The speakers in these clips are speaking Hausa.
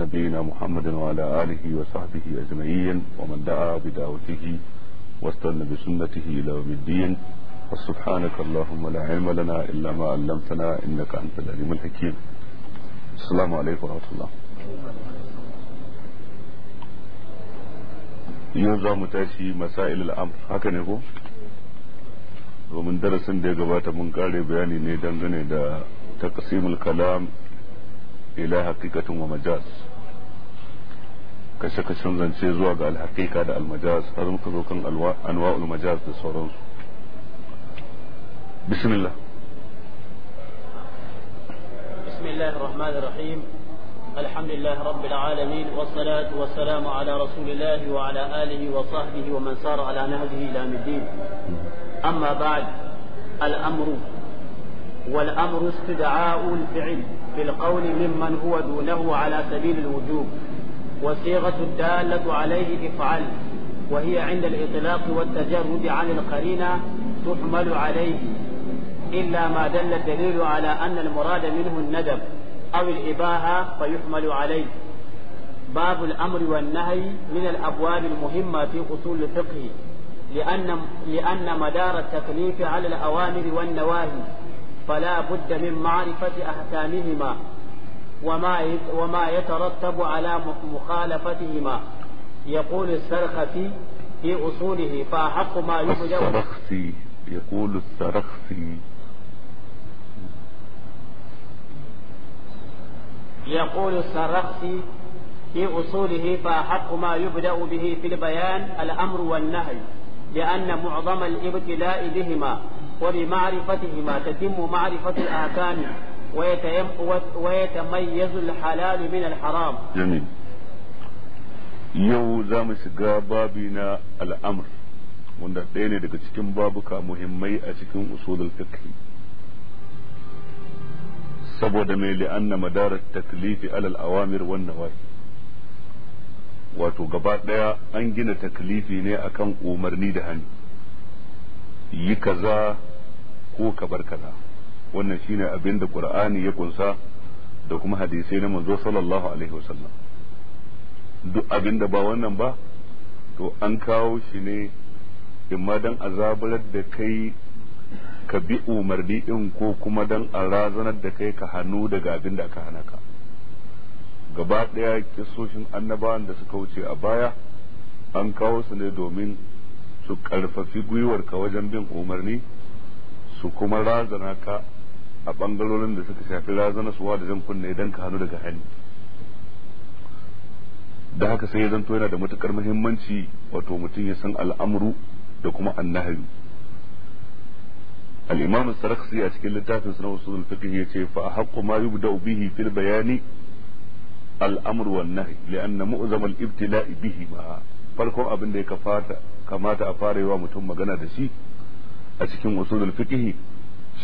نبينا محمد وعلى آله وصحبه أجمعين ومن دعا بدعوته واستنى بسنته إلى يوم الدين وسبحانك اللهم لا علم لنا إلا ما علمتنا إنك أنت العليم الحكيم السلام عليكم ورحمة الله yau za mu tashi masail al'amr haka ne ko domin darasin da ya gabata mun kare bayani ne dangane da taqsimul kalam ila حقيقة ومجاز majaz kashe kashen zance الحقيقة ga المجاز هذا almajaz har muka المجاز kan بسم الله بسم الله الرحمن الرحيم الحمد لله رب العالمين والصلاة والسلام على رسول الله وعلى آله وصحبه ومن سار على نهجه إلى من الدين أما بعد الأمر والأمر استدعاء الفعل بالقول ممن هو دونه على سبيل الوجوب وصيغة الدالة عليه افعل وهي عند الإطلاق والتجرد عن القرينة تحمل عليه إلا ما دل الدليل على أن المراد منه الندب أو الإباحة فيحمل عليه باب الأمر والنهي من الأبواب المهمة في أصول الفقه لأن, لأن مدار التكليف على الأوامر والنواهي فلا بد من معرفة أحكامهما وما وما يترتب على مخالفتهما يقول السرخسي في أصوله فأحق ما يبدأ السرخسي يقول السرخسي يقول السرخسي في أصوله فأحق ما يبدأ به في البيان الأمر والنهي لأن معظم الابتلاء بهما وبمعرفتهما تتم معرفة الأحكام ويتميز الحلال من الحرام جميل yau za mu shiga babi na al'amur wanda ɗaya ne daga cikin babuka muhimmai a cikin usulul fiqh saboda mai li'anna madarar taklifi alal awamir wannan wai wato gaba ɗaya an gina taklifi ne akan umarni da hannu yi kaza ko ka bar kaza wannan shine abin da qur'ani ya kunsa da kuma hadisai na manzo sallallahu alaihi wasallam duk abin da ba wannan ba to an kawo shi ne imma dan azabarar da kai ka bi umarni din ko kuma dan a razanar da kai ka hannu daga abin da aka hana ka gaba ɗaya kisoshin annabawan da suka wuce a baya an kawo su ne domin su karfafi gwiwarka wajen bin umarni su kuma razana ka a bangarorin da suka shafi razana suwa da jan kunne idan ka hannu daga hannu da haka sai ya zanto yana da matukar muhimmanci wato mutum ya san al'amuru da kuma annahayu al-imam as a cikin littafin na wasu al-fiqh yace fa haqqu ma yubda'u bihi fil bayani al-amru li'anna mu'zamal ibtilai bihi ma farko abin da ya kafata kamata a fara yi wa mutum magana da shi a cikin usulul fiqhi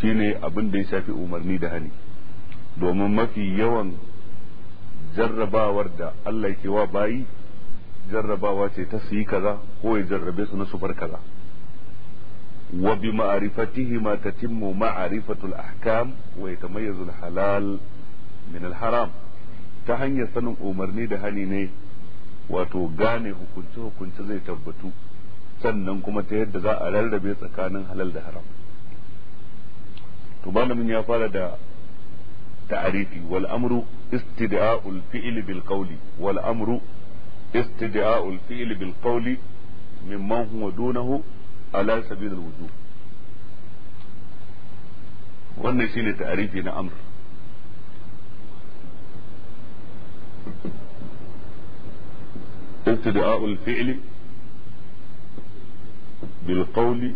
shine abin da ya shafi umarni da hani domin mafi yawan jarrabawar da Allah yake wa bayi jarrabawa ce ta su yi kaza ko ya jarrabe su na su bar kaza wa bi ma'rifatihi ma tatimmu ma'rifatul ahkam wa yatamayyazu halal min al-haram ta hanyar sanin umarni da hani ne wato gane hukunce hukunce zai tabbatu sannan kuma ta yadda za a rarrabe tsakanin halal da haram to malamin ya fara da ta'arifi wal amru istida'ul fi'l bil qawli wal amru istida'ul fi'l bil qawli mimman huwa dunahu ala sabil wujub wannan shine ta'arifi na amr بالقول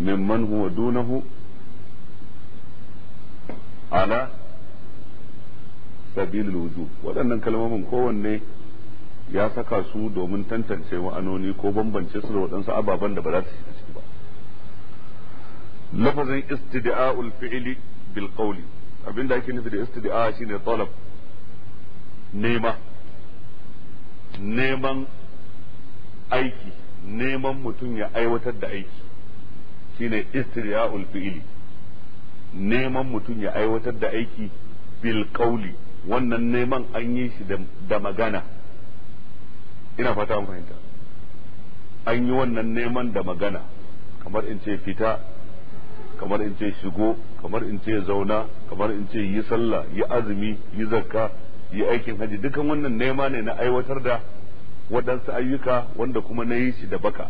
ممن هو دونه على سبيل الوجوب waɗannan kalmomin kowanne ya saka su domin tantance ma'anoni ko bambance su da waɗansu ababen da ba za su shiga ciki ba lafazin istida'ul fi'li bil abinda ake nufi da istida'a shine talab nema neman aiki neman mutum ya aiwatar da aiki shine istirya'ul fi'ili neman mutum ya aiwatar da aiki bil wannan neman an yi shi da magana ina fata an fahimta an yi wannan neman da magana kamar in ce fita kamar in ce shigo kamar in ce zauna kamar in ce yi sallah yi azumi yi zakka yi aikin haji dukan wannan nema ne na aiwatar da waɗansu ayyuka wanda kuma na yi shi da baka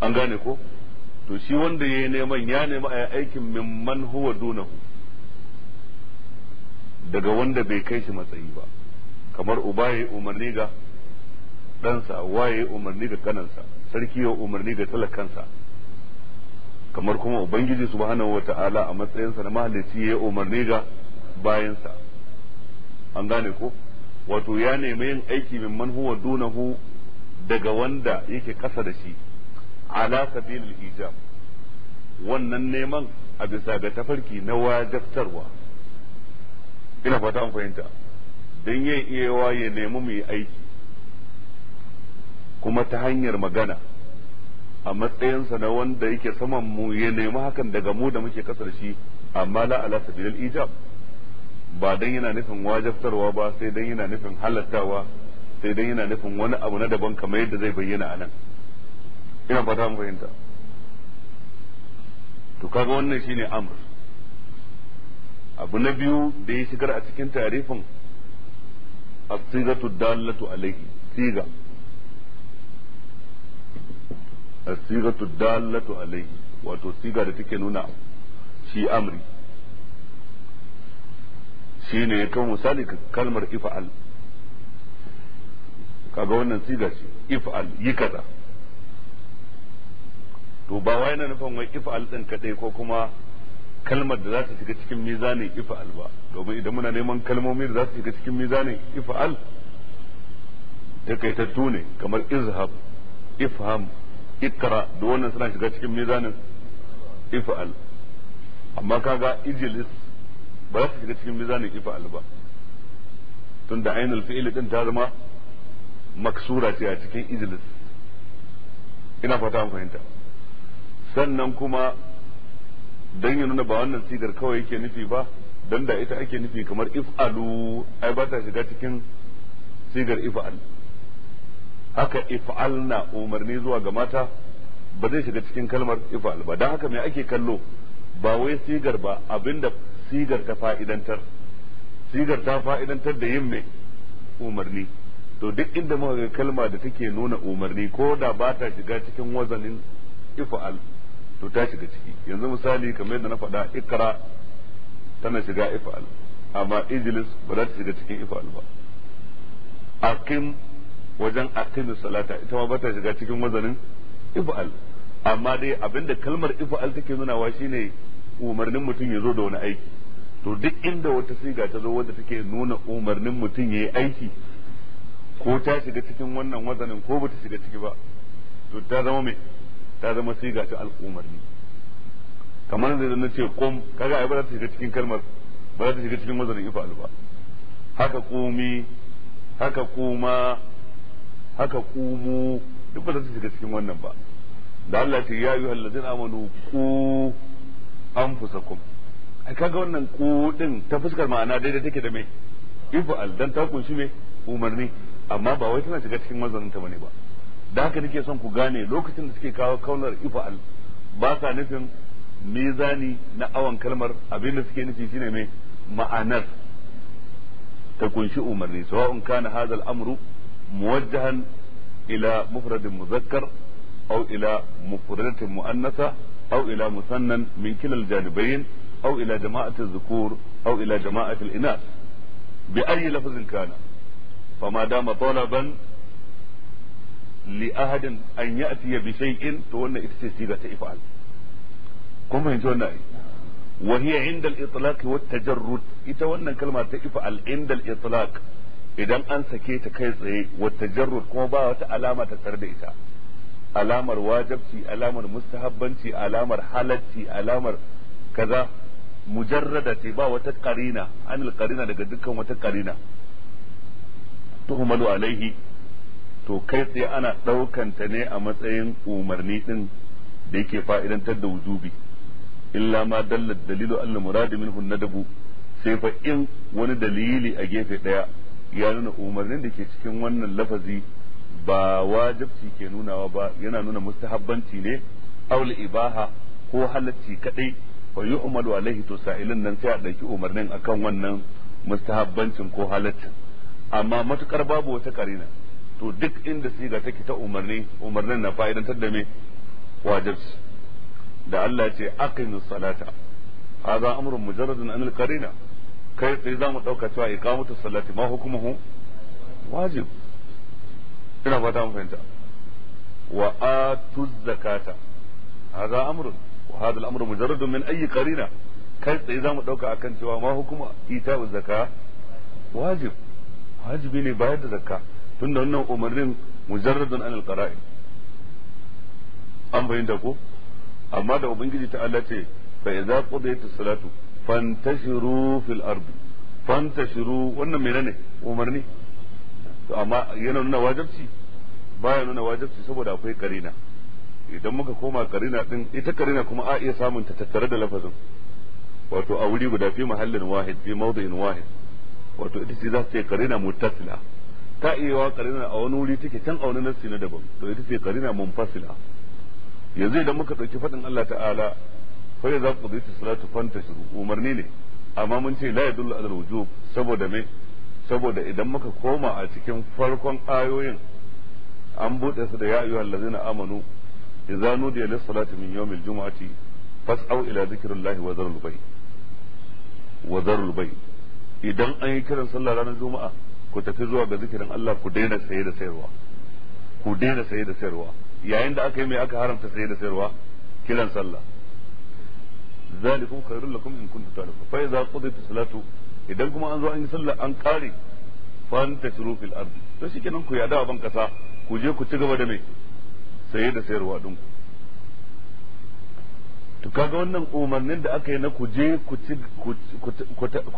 an gane ko to shi wanda ya yi neman ya nema a aikin mimman huwa dunahu daga wanda bai kai shi matsayi ba kamar uba ya yi umarni ga ɗansa wa ya yi umarni ga kanansa sarki ya umarni ga talakansa kamar kuma ubangiji subhanahu wata'ala a matsayinsa na mahalicci ya yi umarni ga bayansa an gane ko wato ya nemi yin aiki min manhuwa dunahu daga wanda yake kasa da shi ala sabilil ijab wannan neman a bisa ga tafarki na wajabtarwa ina fata an fahimta don ya yawa ya nemi mu aiki kuma ta hanyar magana a matsayinsa na wanda yake saman mu ya nemi hakan daga mu da muke kasar shi amma la ala sabilin ijab ba dan yana nufin wajabtarwa ba sai dan yana nufin halattawa sai dan yana nufin wani abu na daban kamar yadda zai bayyana a nan ina fata mu fahimta to kaga wannan shine amr abu na biyu da ya shigar a cikin tarifin as-sigatu dallatu alayhi siga as-sigatu dallatu alayhi wato siga da take nuna shi amri shi ne ya kawo misali kalmar ifa'al kaga wannan siga ce ifa'al yi kaza to ba wai na nufin wai ifa'al din kadai ko kuma kalmar da za ta shiga cikin mizanin ifa'al ba domin idan muna neman kalmomi da za su shiga cikin mizanin ifa'al takaitattu ne kamar izhab ifham ikra da wannan suna shiga cikin mizanin ifa'al amma kaga ijilis ba za ta shiga cikin mizanin ifa'al ba tun da ainihin fi'ili din ta zama maksura ce a cikin ijilis ina fata an fahimta sannan kuma dan ya nuna ba wannan sigar kawai yake nufi ba dan da ita ake nufi kamar if'alu ai ba ta shiga cikin sigar if'al haka if'al na umarni zuwa ga mata ba zai shiga cikin kalmar if'al ba dan haka mai ake kallo ba wai sigar ba abinda sigar ta fa'idantar sigar ta fa'idantar da yin mai umarni to duk inda muka ga kalma da take nuna umarni ko da ba ta shiga cikin wazanin ifa'al to ta shiga ciki yanzu misali kamar yadda na faɗa ikra tana shiga ifa'al amma ijlis ba za ta shiga cikin ifa'al ba aqim wajen aqimis salata ita ma ba ta shiga cikin wazanin ifa'al amma dai abinda kalmar ifa'al take nunawa shine umarnin mutum ya zo da wani aiki to duk inda wata siga ta zo wadda take nuna umarnin mutum ya yi aiki ko ta shiga cikin wannan wazanin ko bata shiga ciki ba to ta zama mai ta zama siga ta al'umarni kamar zai zama ce kom kaga ai ba za ta shiga cikin kalmar ba za ta shiga cikin wazanin ifa'al ba haka kumi haka kuma haka kumu duk ba za ta shiga cikin wannan ba da Allah ce ya yi ladzina amanu ku anfusakum kaga wannan kuɗin ta fuskar ma'ana daidai take da mai ifa'al dan ta kunshi mai umarni amma ba wai tana shiga cikin mazanin ta bane ba da haka nake son ku gane lokacin da suke kawo kaunar ifa'al ba sa nufin mizani na awon kalmar abin da suke nufi shine mai ma'anar ta kunshi umarni sawa'un kana hadha al-amru muwajjahan ila mufradin muzakkar aw ila mufradatin mu'annasa aw ila musannan min kilal janibayn أو إلى جماعة الذكور أو إلى جماعة الإناث بأي لفظ كان فما دام طلبا لأحد أن يأتي بشيء تولى إتسيسيغة إفعال كم هنجونا وهي عند الإطلاق والتجرد إتوانا كلمة إفعل عند الإطلاق idan an sake ta kai tsaye wata jarrud kuma ba wata alama ta tsar da ita alamar wajabci alamar mustahabbanci alamar halacci alamar kaza mujarrada ce ba wata karina an karina daga dukkan wata karina tuhumalu alaihi to kai sai ana ɗaukan ta ne a matsayin umarni din da yake fa'idantar da wujubi illa ma dalla dalilu al muradi minhu nadabu sai fa in wani dalili a gefe daya ya nuna umarnin da ke cikin wannan lafazi ba wajibci ke nunawa ba yana nuna mustahabbanci ne aul ibaha ko halacci kadai fa umaru alaihi to sa'ilin nan sai a ɗauki umarnin akan wannan mustahabbancin ko halaccin amma matukar babu wata karina to duk inda siga take ta umarni umarnin na fa'idantar da me wajibs da Allah ce aqimus salata hadha amrun mujarradun anil ƙarina kai sai zamu dauka cewa iqamatu salati ma hukumuhu wajib ina fata mun fahimta wa atuz zakata hadha amrun هذا الأمر مجرد من أي قرينة kai tsaye za mu ɗauka akan cewa ma hukuma ita zaka wajib wajibi ne bayar da zakka tunda wannan umarnin mujarradun an alqara'i an bayyana ko amma da ubangiji ta Allah ce fa idza qudiyat as-salatu fantashiru fil ardi fantashiru wannan ne umarni to amma yana nuna wajibci baya nuna wajibci saboda akwai karina idan muka koma karina din ita karina kuma a iya samun ta tattare da lafazin wato a wuri guda fi mahallin wahid fi mawdu'in wahid wato ita ce za ta ce karina mutasila ta iya wa karina a wani wuri take can a wani nassi na daban to ita ce karina munfasila yanzu idan muka dauki fadin Allah ta'ala fa yaza qudita salatu shuru umarni ne amma mun ce la yadullu ala wujub saboda me saboda idan muka koma a cikin farkon ayoyin an buɗe su da ya ayyuhallazina amanu idza nudiya lis salati min yawmil jumu'ati fas'au ila dhikrillahi wa idan an yi kiran sallah ranar juma'a ku daina saye da sayarwa ku daina saye da sayarwa yayin da aka yi mai aka haramta sayarwa kiran sallah zalikum khairul lakum in kuntum ta'lamun fa idza qudiyat salatu idan kuma an zo an yi sallah an kare fa antashru fil ardi to shikenan ku yada ban kasa ku je ku ci gaba da mai saye da sayarwa din to kaga wannan umarnin da aka yi na ku je ku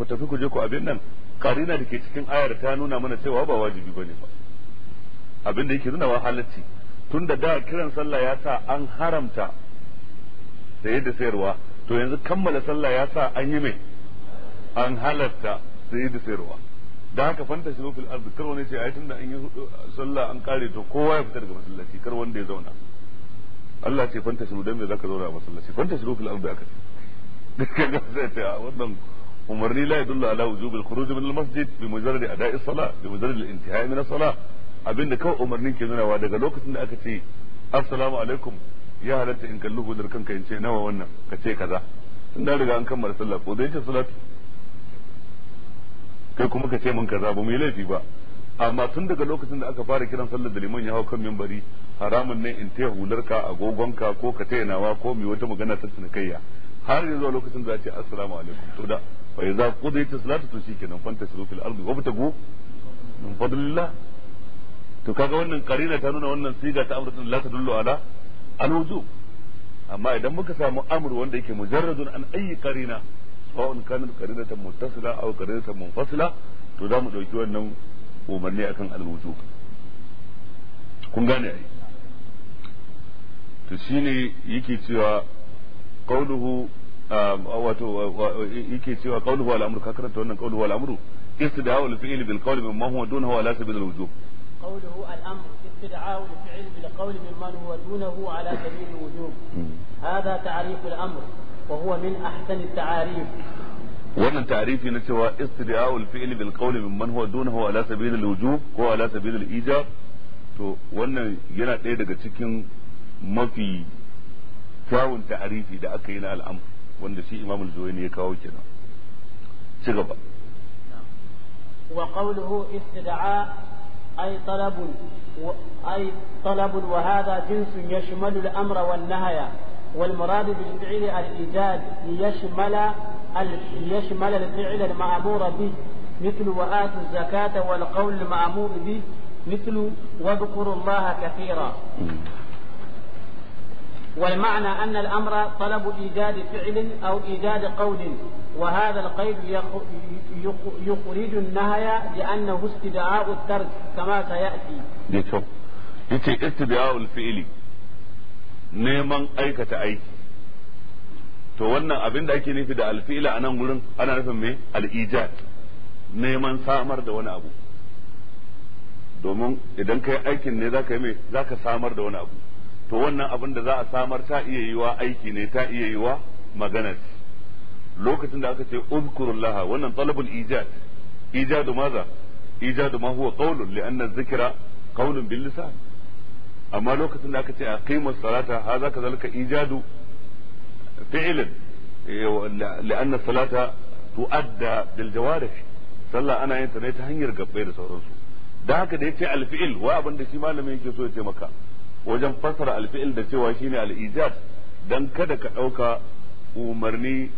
tafi ku je ku abin nan karina da ke cikin ayar ta nuna mana cewa ba wajibi ba ne ba abin da yake nuna wa halacci tun da da kiran sallah ya sa an haramta saye da sayarwa to yanzu kammala sallah ya sa an yi mai an halarta saye da sayarwa da haka fanta shi fil ardi kar wani ce tun da an yi sallah an kare to kowa ya fita daga masallaci kar wanda ya zauna Allah ce fanta shi dan me zaka zauna a masallaci fanta shi fil ardi aka ce dukkan ga sai ta ah, wannan umarni la yadullu ala wujubil khuruj min al masjid bi mujarrad ada'i salah bi mujarrad al intihai min as salah abinda kawai umarnin ke nunawa daga lokacin da aka ce assalamu alaikum ya halatta in kallu gudar kanka in ce nawa wannan ka ce kaza tun da riga an kammala sallah ko zai ce salatu kai kuma ka ce mun kaza ba mai laifi ba amma tun daga lokacin da aka fara kiran sallar da liman ya hau kan mimbari haramun ne in taya hularka ka ko ka taya nawa ko mai wata magana ta kaiya har yanzu lokacin da ce assalamu alaikum to da fa idza qudiyatis salatu to shikenan fanta shiru fil ardi wabtagu min fadlillah to kaga wannan karina ta nuna wannan siga ta amrutun la tadullu ala alwujub amma idan muka samu amru wanda yake mujarradun an ayi karina sawa'un kanat qarinatan muttasila aw qarinatan munfasila to za mu dauki wannan umarni akan alwudu kun gane ai to shine yake cewa qauluhu wato yake cewa qauluhu wal amru ka karanta wannan qauluhu wal amru istida'u al fi'l bil qawli قوله الأمر استدعاء الفعل بالقول ممن هو دونه على سبيل الوجوب هذا تعريف الأمر wa huwa min ahsani ta'arif wannan ta'arifi na cewa istida'ul fi'l bil qawli mimman huwa dunahu ala sabil al wujub ko ala sabil al ijab to wannan yana ɗaya daga cikin mafi kyawun ta'arifi da aka yi na al'am wanda shi imam al ya kawo kenan ci gaba wa qawluhu istida'a ay والمراد بالفعل الإيجاد ليشمل ليشمل الفعل المأمور به مثل وآتوا الزكاة والقول المأمور به مثل واذكروا الله كثيرا والمعنى أن الأمر طلب إيجاد فعل أو إيجاد قول وهذا القيد يخرج النهي لأنه استدعاء الترك كما سيأتي. يتو. يتو. استدعاء الفعل neman aikata aiki to wannan abin da ake nufi da alfi'ila a nan gurin ana nufin me al'ijad neman samar da wani abu domin idan kai aikin ne zaka yi me zaka samar da wani abu to wannan abin da za a samar ta iya yiwa aiki ne ta iya yiwa magana lokacin da aka ce uzkurullaha wannan talabul ijad ijadu maza ijadu ma huwa qawlun li anna dhikra qawlun bil lisan amma lokacin da aka ce a qimar salata haza kazalika ijadu fi'lan eh, salata الصلاة تؤدى بالجوارح sallah ana yin ta ne ta hanyar gabbai da sauransu da haka da yace alfi'il wa abin da shi malami yake so ya ce maka wajen fasara alfi'il da cewa shine al-ijab dan kada ka dauka umarni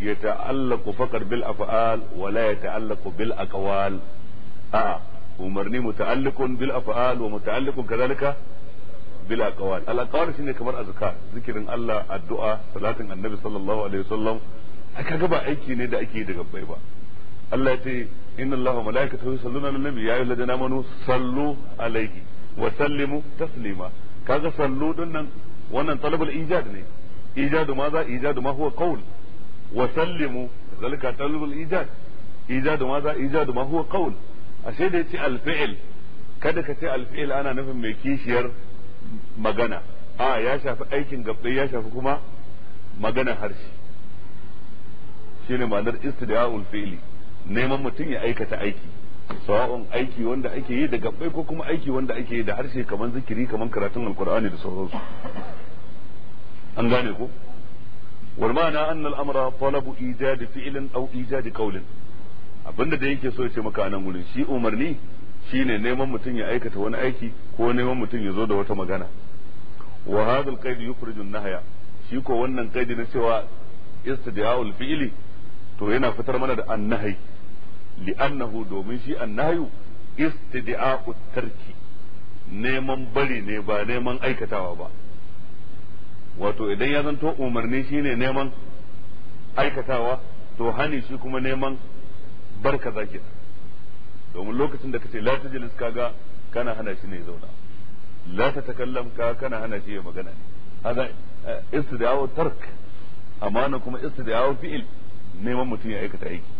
ya ta'allaqu faqat bil af'al wa la ya bil aqwal a umarni muta'alliqun bil af'al wa muta'alliqun kadhalika bil aqwal al aqwal shine kamar azkar zikirin Allah addu'a salatin annabi sallallahu alaihi wasallam kaga ba aiki ne da ake daga bai ba Allah ce inna Allah wa malaikatahu yusalluna ala nabi ya ayyuhal ladina amanu sallu alaihi wa taslima kaga sallu din nan wannan talabul ijad ne ijadu ma za ijadu ma huwa qaul wa sallimu zalika talabul ijad ijadu ma za ijadu ma huwa qaul ashe da yace al kada ka ce al ana nufin mai kishiyar magana a ya shafi aikin gabbai ya shafi kuma magana harshe ne ma'anar istidaul fi'li neman mutum ya aikata aiki sawa'un aiki wanda ake yi da gabbai ko kuma aiki wanda ake yi da harshe kamar zikiri kamar karatun alkur'ani da sauransu an gane ko wal ma'ana anna al talabu ijadi fi'lin aw ijadi qawlin abinda da yake so ya ce maka anan gurin shi umarni shine neman mutum ya aikata wani aiki ko neman mutum ya zo da wata magana wa hadhal qaid yukhrijun nahya shi ko wannan qaidi na cewa istida'ul fi'li to yana fitar mana da annahi li'annahu domin shi annahyu istida'ut tarki neman bari ne ba neman aikatawa ba wato idan ya zanto umarni shine neman aikatawa to hani shi kuma neman barka zaki domin lokacin da kace la tajlis kaga kana hana shi ne zauna la ta takallam ka kana hana shi ya magana ne hada istida'u tark amana kuma istida'u fi'il neman mutum ya aikata aiki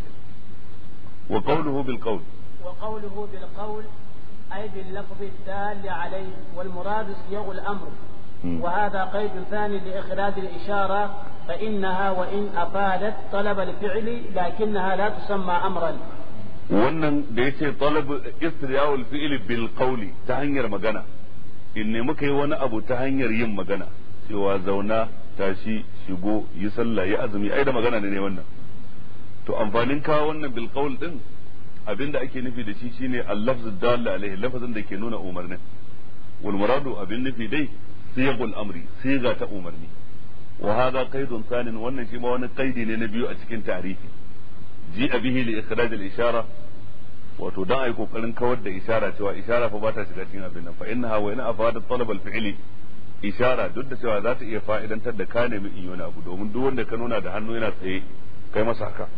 wa qawluhu bil qawl wa qawluhu bil qawl ay bil أي باللفظ الدال عليه والمراد صيغ الأمر وهذا قيد ثاني لإخراج الإشارة فإنها وإن أفادت طلب الفعل لكنها لا تسمى أمرا wannan da yace talab istirya'ul fi'li bil qawli ta hanyar magana in ne muka yi wani abu ta hanyar yin magana cewa zauna tashi shigo yi sallah yi azumi ai da magana ne wannan to amfanin kawo wannan bil qawl din abinda ake nufi da shi shine al-lafz dalla alaihi lafazin da ke nuna umarni wal muradu abin nufi dai siyaqul amri siga ta umarni wa hadha qaidun thanin wannan shi ma wani qaidi ne na biyu a cikin tarihi ji bihi li ikhraj al ishara wato dan ai kokarin kawar da ishara cewa ishara fa ba ta shiga cikin abin nan fa innaha wa ina afada talab al fi'li ishara duk da cewa za ta iya fa'idantar da ka nemi in wani abu domin duk wanda ka nuna da hannu yana tsaye kai masa haka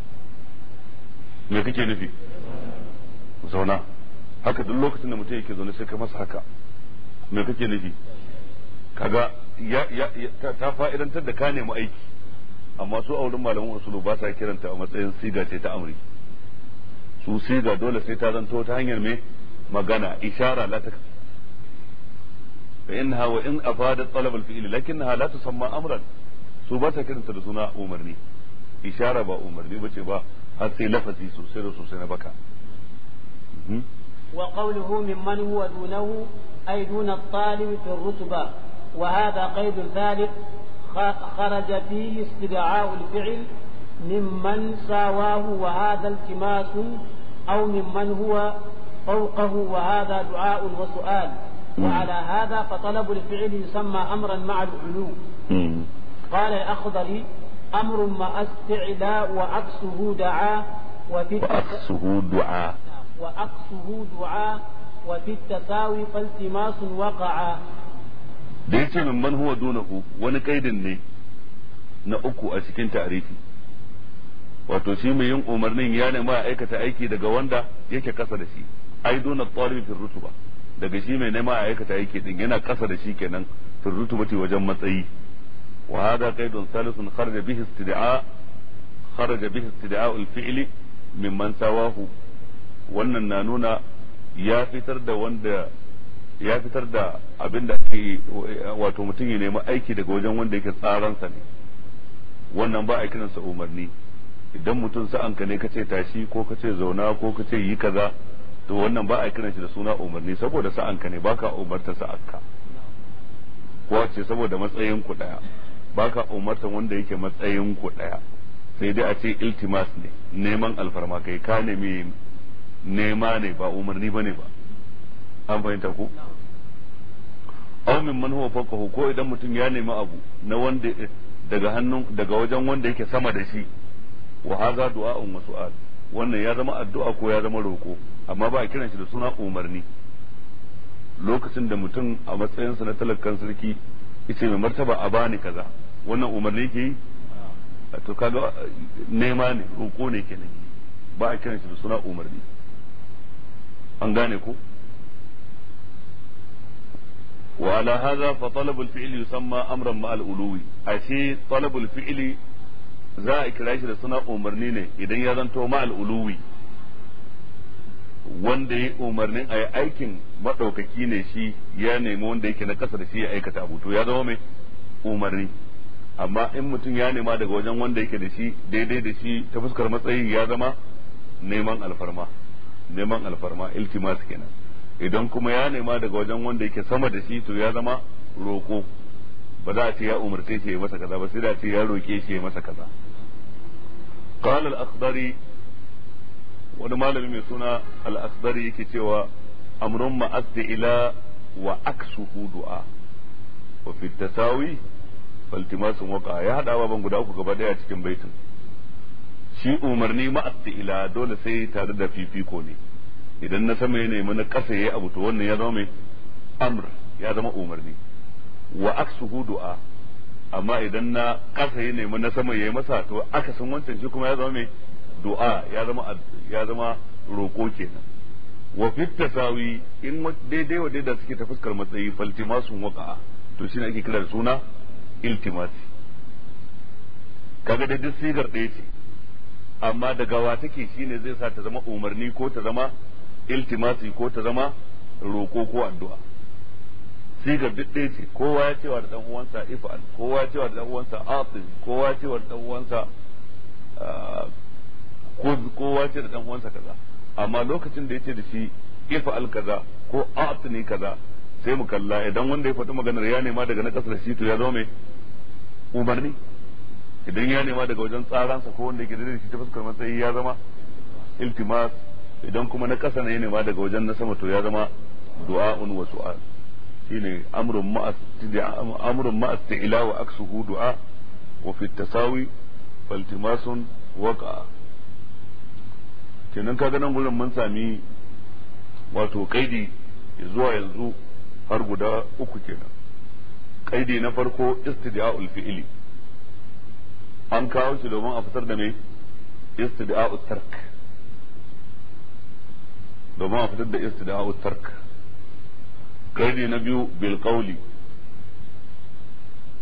me kake nufi zauna haka duk lokacin da mutum yake zaune sai kai masa haka me kake nufi kaga ya ta fa'idantar da ka nemi aiki amma su a wurin malaman usulu ba sa kiranta a matsayin siga ce ta amri su siga dole sai ta zanto ta hanyar me magana ishara la ta fa inha wa in afadat talab al-fi'l lakinnaha la tusamma amran su ba ta kiranta da suna umarni ishara ba umarni bace ba har sai lafazi sosai da sosai na baka وقوله ممن هو دونه أي دون الطالب في الرتبة وهذا قيد ثالث خرج فيه استدعاء الفعل ممن ساواه وهذا التماس أو ممن هو فوقه وهذا دعاء وسؤال وعلى هذا فطلب الفعل يسمى أمرا مع العلو قال الأخضري أمر ما استعلاء وعكسه دعاء وفي وعكسه دعاء وعكسه دعاء وفي التساوي فالتماس وقع da ya ce min man huwa dunahu wani kaidin ne na uku a cikin tarihi wato shi mai yin umarnin ya nema ya aikata aiki daga wanda yake kasa da shi ai duna talibi fil rutuba daga shi mai nema ya aikata aiki din yana kasa da shi kenan fil rutubati wajen matsayi wa hada kaidun salisun kharaja bihi istida'a kharaja bihi istida'a al fi'li mimman sawahu wannan na nuna ya fitar da wanda ya fitar da abin da ake wato mutum ya nemi aiki daga wajen wanda yake tsaransa ne wannan ba a kiransa umarni idan mutum sa'anka ne kace tashi ko kace zauna ko kace yi kaza to wannan ba a kiran shi da suna umarni saboda sa'anka ne baka umarta sa'anka ko ce saboda matsayin ku daya baka umarta wanda yake matsayin ku daya sai dai a ce iltimas ne neman alfarma kai ka nemi nema ne ba umarni bane ba an fahimta ku aw min man huwa fawqahu ko idan mutum ya nemi abu na wanda daga hannun daga wajen wanda yake sama da shi wa hadha du'a'un wa su'al wannan ya zama addu'a ko ya zama roko amma ba a kiran shi da suna umarni lokacin da mutum a matsayinsa na talakan sarki yace mai martaba a bani kaza wannan umarni ke yi to kaga nema ne roko ne kenan ba a kiran shi da suna umarni an gane ko وعلى هذا فطلب الفعل يسمى امرا مع الألوي أشي طلب الفعل za a kira shi da suna umarni ne idan ya zanto wanda ya umarnin a yi aikin maɗaukaki ne shi ya nemi wanda yake na ƙasa shi ya aikata abu to ya zama mai umarni amma in mutum ya nema daga wajen wanda yake da shi daidai da shi ta fuskar matsayin ya zama neman alfarma neman alfarma iltimas kenan idan kuma ya nema daga wajen wanda yake sama da shi to ya zama roko ba za a ce ya umarce shi ya masa kaza ba sai da ce ya roke shi ya masa kaza qala al-akhdari wani malami mai suna al-akhdari yake cewa amrun ma'asdi ila wa aksuhu du'a wa fi tasawi faltimasun waqa ya hada ban guda uku gaba daya cikin baitin shi umarni ma'asdi ila dole sai tare da fifiko ne idan na sama ya nemi na kasa ya abu to wannan ya zama mai amr ya zama umarni wa aksuhu du'a amma idan na kasa ya nemi na sama yi masa to akasin wancan shi kuma ya zama mai du'a ya zama ya zama roƙo kenan wa fit tasawi in daidai wa daidai suke ta fuskar matsayi faltimasun waqa'a to shine ake kira da suna iltimasi kaga da duk sigar ɗaya ce amma daga ke take ne zai sa ta zama umarni ko ta zama iltimasi ko ta zama roko ko addu'a sigar duk ɗaya ce kowa ya cewa da dan uwansa ifa'al kowa ya cewa da dan uwansa atin kowa ya cewa da dan uwansa kowa ce da dan uwansa kaza amma lokacin da ce da shi ifa'al kaza ko atini kaza sai mu kalla idan wanda ya faɗi maganar ya nema daga na kasar shi to ya zama mai umarni idan ya nema daga wajen tsaransa ko wanda yake da shi ta fuskar matsayi ya zama iltimas idan kuma na ƙasa ne ma daga wajen na sama to ya zama du'a'un wa su'al shine amrun ma'as amrun ma'as ta'ila wa aksuhu du'a wa fi tasawi timasun waqa kenan kaga nan gurin mun sami wato kaidi zuwa yanzu har guda uku kenan kaidi na farko istidaa'ul fi'li an kawo shi domin a fitar da me istida'ut tark domin a fitar da istida'u tark karni na biyu bilkauli.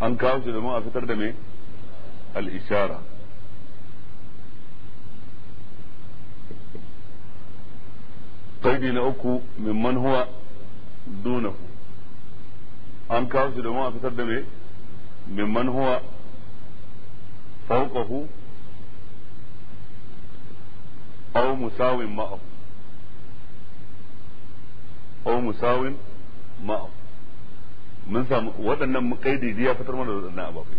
an kawo shi domin a fitar da mai al'ishara. ishara karni na uku mimman huwa dunahu an kawo shi domin a fitar da mai mimman huwa fawqahu aw musawin ma'ahu aw musawin ma mun samu waɗannan kaidi ya fitar mana da waɗannan ababai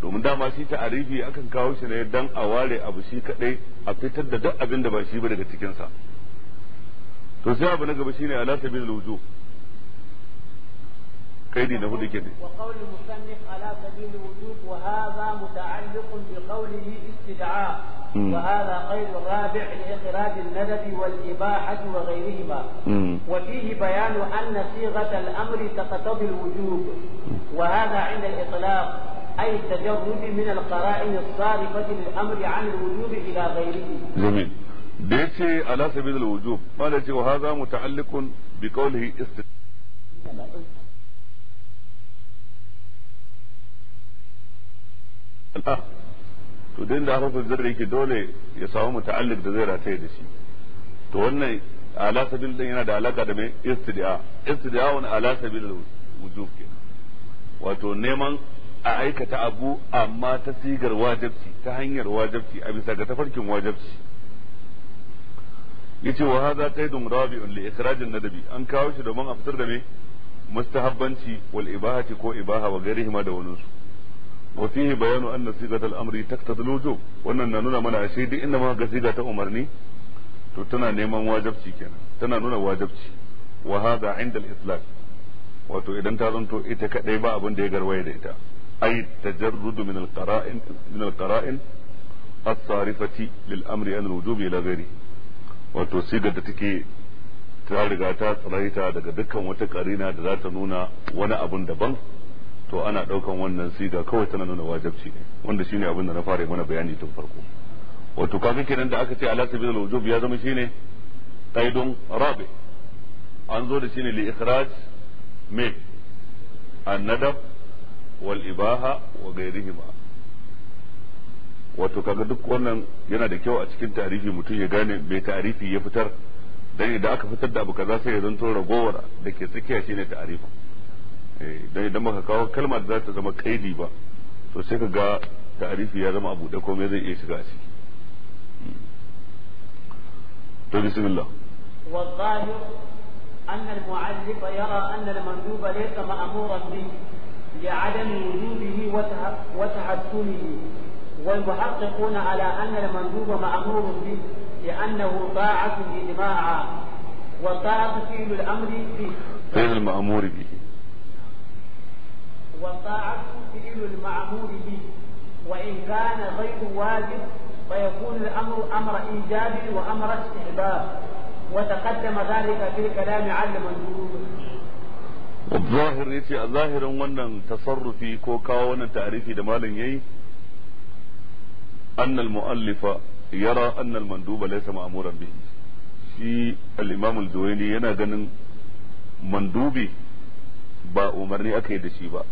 domin dama shi ta'arifi akan kawo shi ne dan a ware abu shi kadai a fitar da duk abin da ba shi ba daga cikinsa to sai abu na gaba shine ala sabilil wujuh قيدي نقول كده وقول المصنف على سبيل الوجوب وهذا متعلق بقوله استدعاء وهذا قيد الرابع لإخراج الندب والإباحة وغيرهما وفيه بيان أن صيغة الأمر تقتضي الوجوب وهذا عند الإطلاق أي التجرد من القرائن الصارفة للأمر عن الوجوب إلى غيره جميل da على سبيل الوجوب ما وهذا متعلق بقوله استدعاء to din da harfin zarra yake dole ya samu muta'alliq da zai rataye da shi to wannan ala sabil din yana da alaka da mai istida'a istida'a wani ala sabil wujub ke wato neman a aikata abu amma ta sigar wajabci ta hanyar wajabci a bisa ga tafarkin wajabci yace wa hadha qaidun rabi'un li ikhrajin nadabi an kawo shi domin a fitar da me mustahabbanci wal ibahati ko ibaha wa gairihima da waninsu wa fihi bayanu anna sigat al-amri taqtadi al-wujub wannan na nuna mana ashe duk inda muka ga siga ta umarni to tana neman wajibci kenan tana nuna wajibci wa hadha inda al wato idan ta zanto ita kadai ba abin da ya garwaye da ita ay tajarrudu min al-qara'in min al-qara'in as-sarifati lil-amri an wato sigar da take ta riga ta daga dukkan wata karina da za ta nuna wani abun daban to ana ɗaukan wannan siga kawai tana nuna wajabci ne wanda shine abin da na fara mana bayani tun farko wato kaga kenan da aka ce ala sabil wujub ya zama shine qaidun rabi an zo da shine li ikhraj me annadab wal ibaha wa ghayrihima wato kaga duk wannan yana da kyau a cikin tarihi mutum ya gane mai tarihi ya fitar dan idan aka fitar da abu kaza sai ya zanto ragowar da ke tsakiya shine ta'arifin Eh, dan idan maka kawo kalma da za ta zama kaidi ba to sai ka ga ta'arifi ya zama a buɗe komai zai iya shiga a ciki to bismillah wa zahir anna al mu'allif yara anna al mandub laysa ma'muran bi li'adam wujudihi wa wa tahassunihi wa ala anna al mandub ma'murun bi لأنه طاعة الإجماع وطاعة فعل الأمر به فعل والطاعة فعل المعمول به وإن كان غير واجب فيكون الأمر أمر إيجاب وأمر استحباب وتقدم ذلك في الكلام على المنظور الظاهر yace a zahirin wannan tasarrufi ko kawo wannan ta'arifi da malam yayi anna al-mu'allifa yara anna al-manduba laysa ma'muran bihi shi al-imam al-juwayni yana ganin mandubi ba umarni aka da shi ba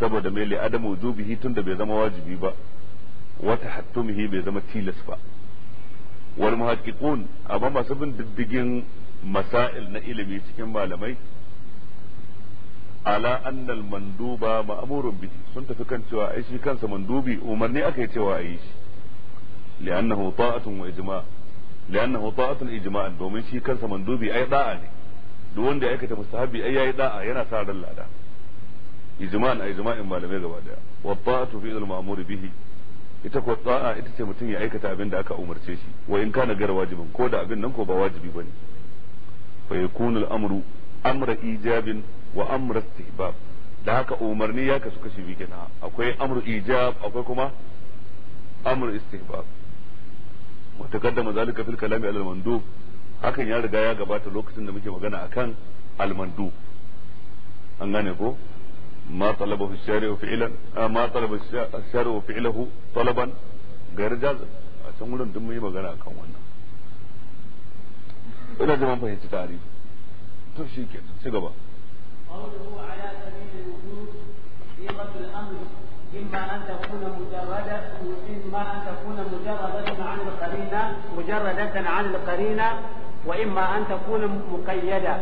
saboda mai li'adam wujubihi da bai zama wajibi ba wa tahattumihi bai zama tilas ba wal muhaqqiqun amma masu bin diddigin masail na ilimi cikin malamai ala annal manduba ma'murun bihi sun tafi kan cewa ai shi kansa mandubi umarni aka yi cewa ai shi li'annahu ta'atun wa ijma' li'annahu ta'atun ijma'an domin shi kansa mandubi ai da'a ne duk wanda ya aikata mustahabi ai yayi da'a yana sa ran lada ijma'an a ijma'in malamai gaba daya wa ta'atu fi al mamuri bihi ita ko ta'a ita ce mutum ya aikata abin da aka umarce shi wa in kana gar wajibin ko da abin nan ko ba wajibi bane fa yakunu al-amru amra ijabin wa amra istihbab da haka umarni ya kasu kashi biyu kenan akwai amru ijab akwai kuma amru istihbab wa taqaddama zalika fil kalami al-mandub hakan ya riga ya gabata lokacin da muke magana akan al-mandub an gane ko ما طلبه الشارع فعلا ما طلب الشارع فعله طلبا غير جازم a can wurin duk yi magana kan wannan ina ji man fahimci tarihi to shi ke ci gaba قوله على سبيل الوجود قيمة الأمر إما أن تكون مجردة إما أن تكون مجردة عن القرينة مجردة عن القرينة وإما أن تكون مقيدة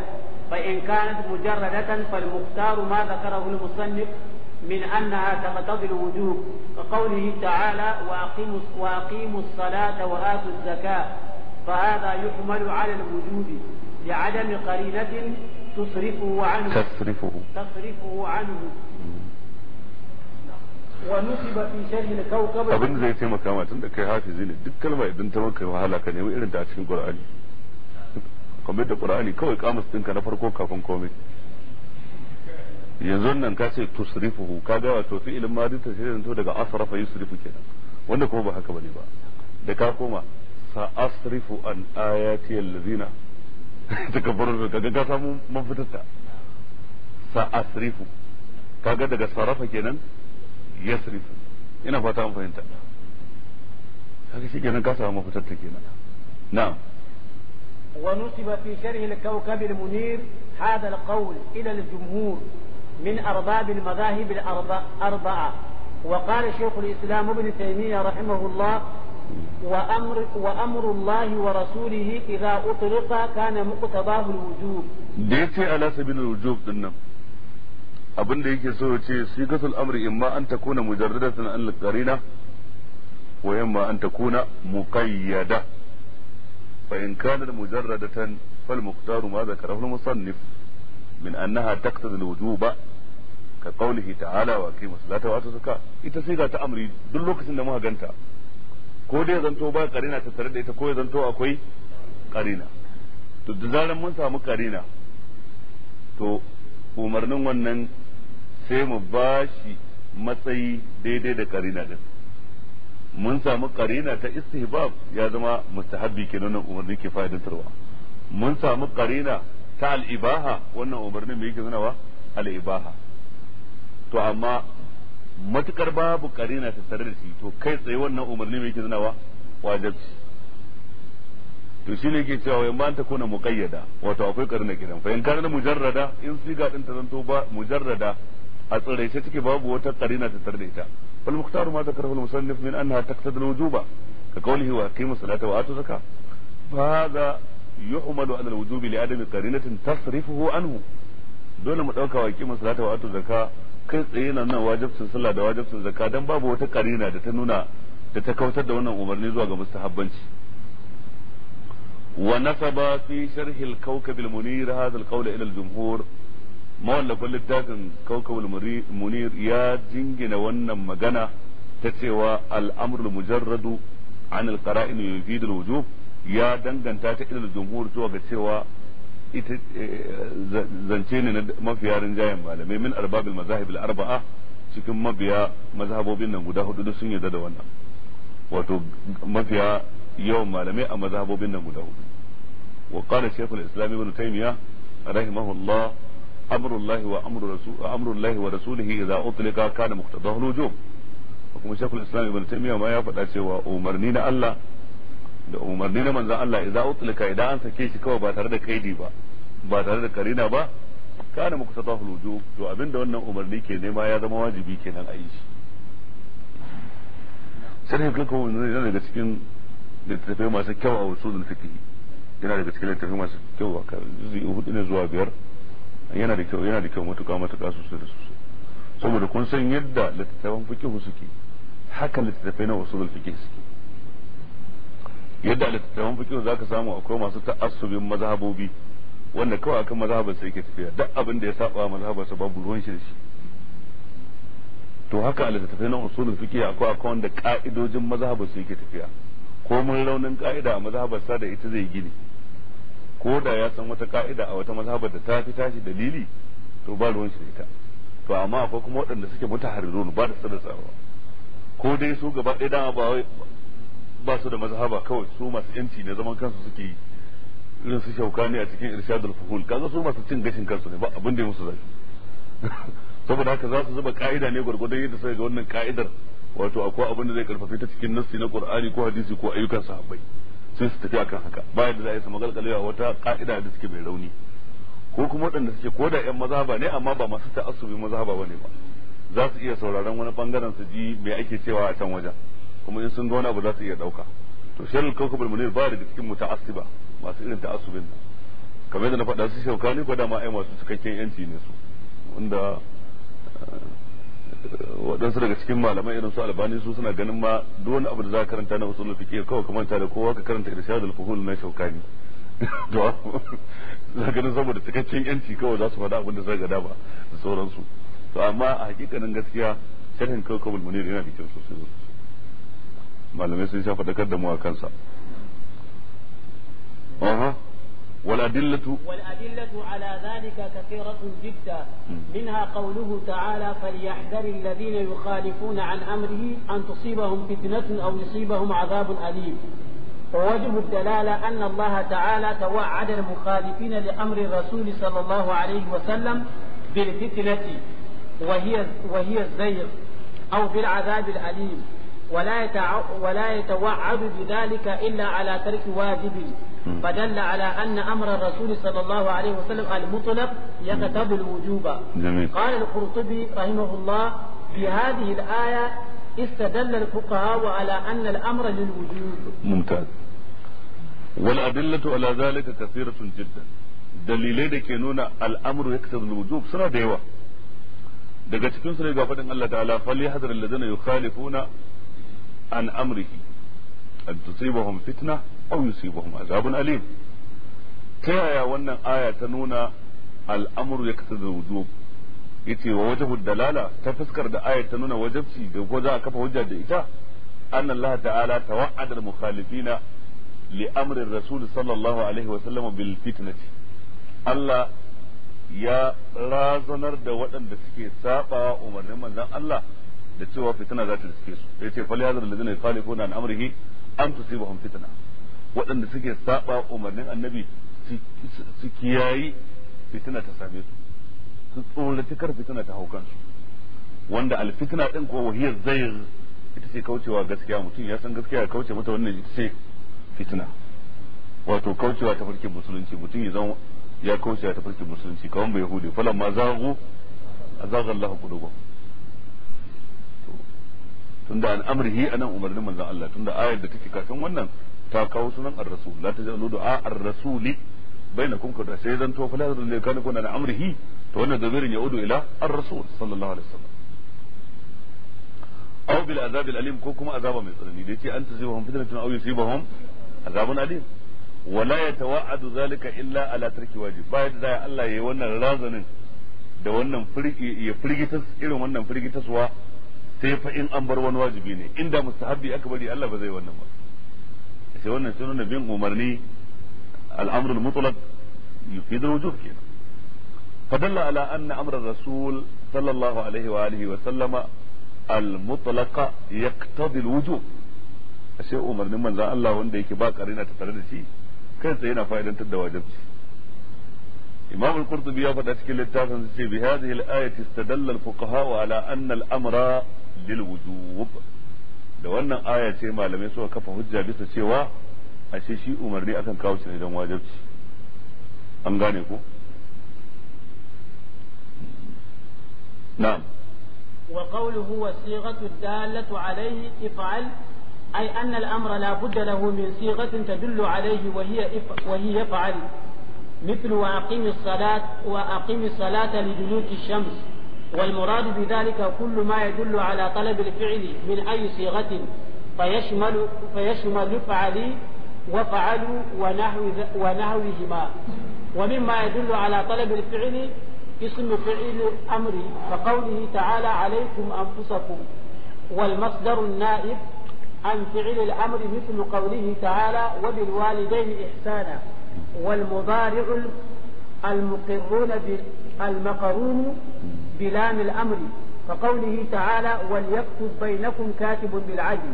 فإن كانت مجردة فالمختار ما ذكره المصنف من أنها تقتضي الوجوب كقوله تعالى وأقيموا, الصلاة وآتوا الزكاة فهذا يحمل على الوجوب لعدم قرينة تصرفه عنه تصرفه تصرفه عنه ونصب في شرح الكوكب أبن da zai عندك هاتي tun da kai hafizi ne duk kalma idan ta maka wahala kamar da qur'ani kawai kamus ɗinka na farko kafin komai yanzu nan ka ce tusrifuhu ka ga wato fi'ilin madi ta shirin to daga asrafa yusrifu kenan wanda kuma ba haka bane ba da ka koma sa asrifu an ayati allazina takabbaru kaga ga samu mafitarta sa asrifu kaga daga sarafa kenan yasrifu ina fata an fahimta kaga shi kenan ka samu mafitarta kenan na'am ونسب في شرح الكوكب المنير هذا القول إلى الجمهور من أرباب المذاهب الأربعة وقال شيخ الإسلام ابن تيمية رحمه الله وأمر, وأمر الله ورسوله إذا أطلق كان مقتضاه الوجوب ديتي على سبيل الوجوب دنم abin da yake so ce إما amri in ma an takuna mujarradatan an qarina wa yamma an فإن كانت مجردة فالمختار ما ذكره المصنف من أنها تقتضي الوجوب كقوله تعالى وأقيم الصلاة وآتوا الزكاة ita siga ta amri duk lokacin da muka ganta ko dai zanto ba karina ta tare da ita ko ya zanto akwai karina to da zaran mun samu karina to umarnin wannan sai mu bashi matsayi daidai da karina din mun samu karina ta istihbab ya zama mustahabbi kenan nan umarni ke fa'idantarwa mun samu karina ta al'ibaha wannan umarnin mai yake nunawa al'ibaha to amma matukar babu karina ta tare da shi to kai tsaye wannan umarni mai yake zanawa wajibi to shine yake cewa wai an ta kuna muqayyada wato akwai karina kidan fa in karina mujarrada in siga din ta zanto ba mujarrada a tsiraice take babu wata karina ta tarda ita wal mukhtaru ma zakarahu al musannif min annaha taqtadi al wujuba ka qawlihi wa aqimu salata wa atu zakat fa hadha yuhmalu ala al wujubi li adami qarinatin tasrifuhu anhu dole mu dauka wa aqimu salata wa atu zaka kai tsaye nan nan wajibcin sallah da wajibcin zakka dan babu wata karina da ta nuna da ta kautar da wannan umarni zuwa ga mustahabbanci ونسب في شرح الكوكب المنير هذا القول إلى الجمهور mawallafin littafin kawkawul munir ya jingina wannan magana ta cewa al'amrul mujarradu an alqara'in yufidul wujub ya danganta ta ilil jumhur zuwa ga cewa ita eh, zance ne na mafiya jayen malamai min arbabil mazahib al arba'a cikin mabiya mazhabobin nan guda hudu sun yarda da wannan wato mafiya yawan malamai a mazhabobin nan guda hudu wa qala shaykhul islam ibn taymiyah rahimahullah amrullahi wa amru rasul amrullahi wa rasulihi idza utlika kana muqtadahu nujum kuma islam ibn taymiya ma ya faɗa cewa umarni na Allah da umarni na manzon Allah idza utlika idan an sake shi kawai ba tare da kaidi ba ba tare da karina ba kana muqtadahu nujum to abinda wannan umarni ke nema ya zama wajibi kenan a yi shi ina kankan daga cikin masu kyau a wasu masu kyau a kan zuwa biyar yana da kyau yana da kyau matuƙa matuƙa sosai da sosai saboda kun san yadda littattafan su suke haka littattafai na usulul fiqh suke yadda littattafan za zaka samu akwai masu ta'assubin mazhabobi wanda kawai akan mazhabar yake tafiya duk abin da ya saba a sa babu ruwan shi da shi to haka a littattafai na usulul fiqh akwai akwai wanda ka'idojin mazhabar yake tafiya ko mun raunin ka'ida a mazhabar da ita zai gini ko da ya san wata ka'ida a wata mazhabar da ta fi tashi dalili to ba ruwan shi ita to amma akwai kuma waɗanda suke mutaharrirun ba da sanin ko dai su gaba ɗaya dama ba wai ba su da mazhaba kawai su masu yanci ne zaman kansu suke yi irin su shauka ne a cikin irshadul fuhul kaga su masu cin gashin kansu ne ba abin da ya musu zafi saboda haka za su zuba ka'ida ne gwargwadon yadda sai ga wannan ka'idar wato akwai abin da zai karfafe ta cikin nassi na qur'ani ko hadisi ko ayyukan sahabbai sun su tafi akan haka ba yadda za a yi su magalgalewa wata ka'ida da suke mai rauni ko kuma waɗanda suke ko da yan ba ne amma ba masu ta'assubi ba ne ba za su iya sauraron wani bangaren su ji me ake cewa a can wajen kuma in sun gona ba za su iya ɗauka to shirin kawkabul munir ba daga cikin ba masu irin ta'assubin kamar yadda na faɗa su ne ko da ma ai masu cikakken yanci ne su wanda waɗansu daga cikin malamai irin su albani su suna ganin ma duk wani abu da za ka karanta na usulun fiƙe kawai ka ta da kowa ka karanta irshadul fuhul na shaukani to za ganin saboda cikakken yanci kawai za su faɗa abin da za ga daba da sauransu to amma a hakikanin gaskiya sharhin kawkawul munir yana da kyau sosai malamai sun sha faɗakar da mu a kansa والأدلة والأدلة على ذلك كثيرة جدا منها قوله تعالى فليحذر الذين يخالفون عن أمره أن تصيبهم فتنة أو يصيبهم عذاب أليم ووجه الدلالة أن الله تعالى توعد المخالفين لأمر الرسول صلى الله عليه وسلم بالفتنة وهي وهي الزيغ أو بالعذاب الأليم ولا ولا يتوعد بذلك إلا على ترك واجب فدل على أن أمر الرسول صلى الله عليه وسلم المطلق يقتضي الوجوب جميل. قال القرطبي رحمه الله بهذه الآية استدل الفقهاء على أن الأمر للوجوب ممتاز والأدلة على ذلك كثيرة جدا دليل لك ke الأمر al'amru الوجوب سنة ديوة suna da yawa daga cikin su ne ga faɗin Allah ta'ala fal yahdhar alladhina yukhalifuna an amrihi an tusibahum aw yusibahum azabun alim ta yaya wannan aya ta nuna al'amuru ya kasa da wujub yace wa wajhu dalala ta fuskar da aya ta nuna wajibci da ko za a kafa hujja da ita anna Allah ta'ala tawa'ada al-mukhalifina li amri rasul sallallahu alaihi wa sallam bil Allah ya razanar da waɗanda suke saba umarnin manzan Allah da cewa fitina za ta riske su yace fal yadhar alladhina yukhalifuna an amrihi an tusibahum fitna waɗanda suke saba umarnin annabi su kiyayi fitina ta same su su tsorati fitina ta hau kansu wanda alfitina din ko wahiyar zayir ita ce kaucewa gaskiya mutum ya san gaskiya ya kauce mata wannan ita ce fitina wato kaucewa ta farkin musulunci mutum ya zama ya kaucewa ta farkin musulunci kawai bai yahudi falan ma zagu azaga Allah qulubahum tunda an amrihi anan umarnin manzon Allah tunda ayar da take kafin wannan ta kawo sunan ar-rasul la tajalu du'a ar-rasuli bainakum kada sai zan to fa la zan ne kana kuna na amrihi to wannan zamirin ya udu ila ar-rasul sallallahu alaihi wasallam aw bil azab al-alim ko kuma azaba mai tsanani da yace an tazibahum fitnatun aw yusibahum azabun alim wala yatawa'adu zalika illa ala tarki wajib bayan da Allah yayi wannan razanin da wannan ya firgitas irin wannan firgitaswa sai fa in an bar wani wajibi ne inda mustahabbi aka bari Allah ba zai wannan ba ce wannan shi bin umarni al'amrul mutlaq yufid al-wujub kenan fadalla ala anna amra rasul sallallahu alaihi wa alihi wa sallama al-mutlaqa yaqtadi al-wujub ashe umarnin manzon Allah wanda yake ba karina ta tare da shi kai sai yana fa'idantar da wajibi إمام القرطبي يفضل أشكال التافن بهذه الآية استدل الفقهاء على أن الأمر للوجوب da wannan aya ce malamai suka kafa hujja bisa cewa ashe shi umarni akan kawo shi ne don wajibci an gane ko na'am وقوله والصيغة الدالة عليه افعل أي أن الأمر لا بد له من صيغة تدل عليه وهي وهي افعل مثل وأقم الصلاة وأقم الصلاة لدلوك الشمس والمراد بذلك كل ما يدل على طلب الفعل من أي صيغة فيشمل فيشمل فعلي وفعل ونحو ونحوهما ومما يدل على طلب الفعل اسم فعل الأمر كقوله تعالى عليكم أنفسكم والمصدر النائب عن فعل الأمر مثل قوله تعالى وبالوالدين إحسانا والمضارع المقرون المقرون بلام الأمر فقوله تعالى وليكتب بينكم كاتب بالعدل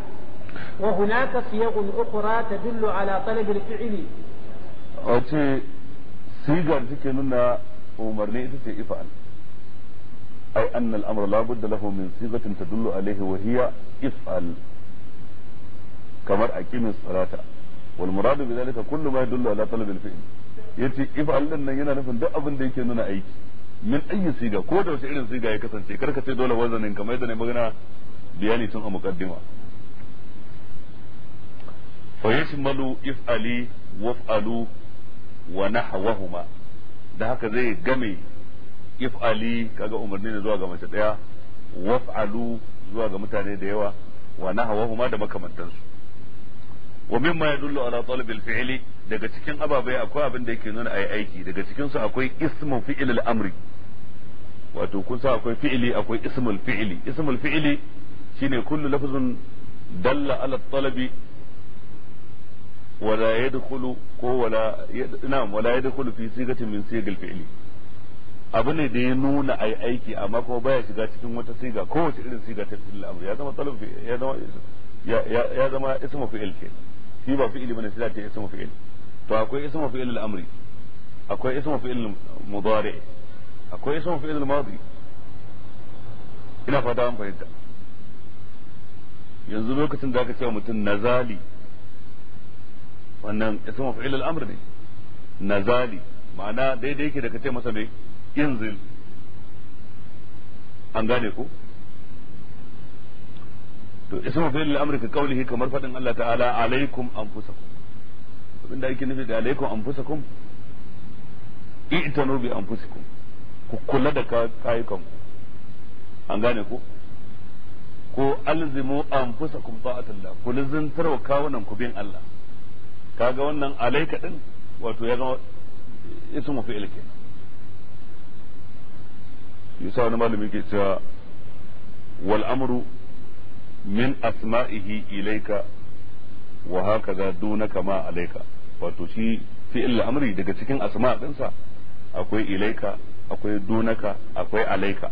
وهناك صيغ أخرى تدل على طلب الفعل أوتي صيغة تكننا أمرني إتتي إفعل أي أن الأمر لا بد له من صيغة تدل عليه وهي إفعل كما أقيم الصلاة والمراد بذلك كل ما يدل على طلب الفعل يأتي إفعل لنا ينا نفن دعب ديكي ننا أيكي min ayi siga ko da wace irin siga ya kasance karka ce dole wazanin kamar yadda ne magana bayani tun a muqaddima fa yashmalu if'ali waf'alu wa nahwahuma da haka zai game if'ali kaga umarni ne zuwa ga mace daya waf'alu zuwa ga mutane da yawa wa nahwahuma da makamantansu wa mimma yadullu ala talab al daga cikin ababai akwai abin da yake nuna ayi aiki daga cikin su akwai ismu fi'il amri wato kun sa akwai fi'ili akwai ismul fi'ili ismul fi'ili shine kullu lafzun dalla ala talabi wala yadkhulu ko wala na'am wala yadkhulu fi sigatin min sigal fi'ili abu ne da ya nuna ai aiki amma kuma baya shiga cikin wata siga kowace irin siga ta fi'il amr ya zama talab ya zama ya zama ismu fi'il ke shi ba fi'ili bane sai ta ismu fi'il to akwai ismu fi'il al-amri akwai ismu fi'il mudari akwai ismu fi'il al-madi ina fata an fahimta yanzu lokacin da aka ce mutum nazali wannan ismu fi'il al-amr ne nazali ma'ana daidai yake da kace masa me inzil an gane ko to ismu fi'il al-amr ka kaulihi kamar fadin Allah ta'ala alaikum anfusakum abinda ake nufi da alaikum anfusakum i'tanu bi anfusikum ku kula da kayyukanku an gane ku ko alzimu anfusakum ta'atullah ku lizantar wa kawunan ku bin Allah kaga wannan alaika din wato ya zama ismu fi ilke yusa wani malumi ke cewa wal amru min asma'ihi ilayka wa hakaza dunaka ma alayka wato shi fi'il amri daga cikin asma ɗinsa akwai ilaika akwai dunaka akwai alaika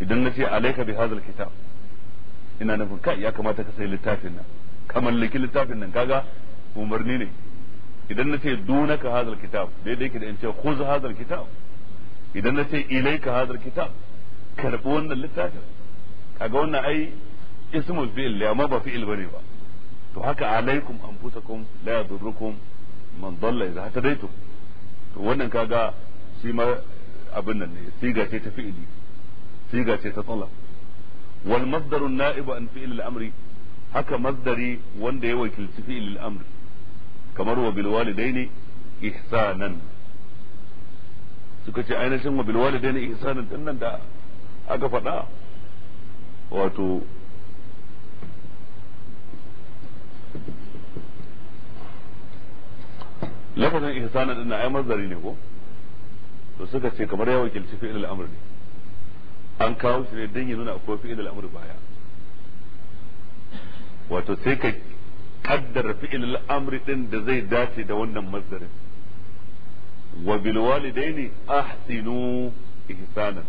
idan na ce alaika bi hazal kitab ina nufin kai ya kamata ka sai littafin nan ka mallaki littafin nan kaga umarni ne idan na ce dunaka hazal kitab daidai ki da in ce khuz hazal kitab idan na ce ilaika hazal kitab karbi wannan littafin kaga wannan ai ismul fi'il ne amma ba fi'il bane ba to haka alaikum an anfusakum la kun man dalla idza hatadaitum to wannan kaga shi ma abin nan ne siga ce ta fi'ili siga ce ta talab wal masdaru an-na'ibu an fi'il al-amri haka masdari wanda ya wakilci fi'il al-amri kamar wa bil walidaini ihsanan suka ce ainihin wa bil walidaini ihsanan din nan da aka faɗa wato lafazin ihsana din na ai mazari ne ko to suka ce kamar ya wakilci fi ilal amr ne an kawo shi ne dan ya nuna akwai fi ilal amr baya wato sai ka kaddara fi ilal amr din da zai dace da wannan mazarin wa bil walidaini ahsinu ihsanan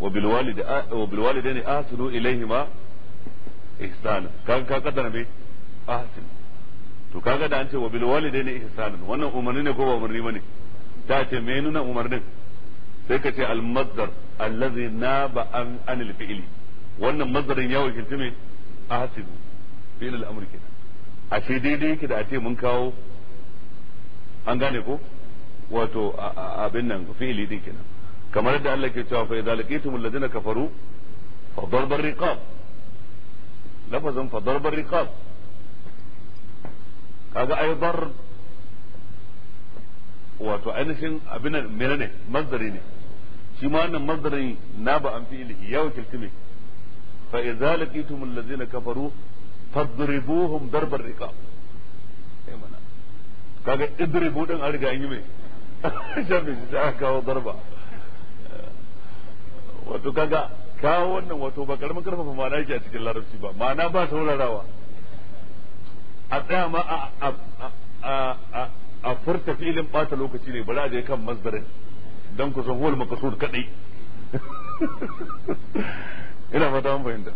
wa bil walidaini ahsinu ilayhima ihsanan kaga ka kaddara me ahsin to kaga da an ce wa bil walidaini ihsanan wannan umarni ne ko ba umarni bane ta ce me nuna umarnin sai ka ce al mazdar allazi naba an anil fi'li wannan mazdarin ya wakilci me ahsin fi'l al amr kenan ashe daidai yake da a ce mun kawo an gane ko wato abin nan fi'li din kenan kamar yadda Allah ke cewa fa idza laqitum alladhina kafaru fa darbar riqab lafazin fa darbar riqab kaga ai bar wato ainihin abin mene ne masdari ne shi ma wannan masdarin na ba an fi fi'ilihi ya wakilci me fa idza laqitum allazina kafaru fadribuhum darbar riqab sai mana kaga idribu din an riga an yi me shafi shi aka kawo darba wato kaga kawo wannan wato ba karamin karfafa ma'ana yake a cikin larabci ba ma'ana ba saurarawa a tsaya ma a a furta filin bata lokaci ne bari a je kan mazdarin don ku san huwal makasur kadai ina fata mun fahimta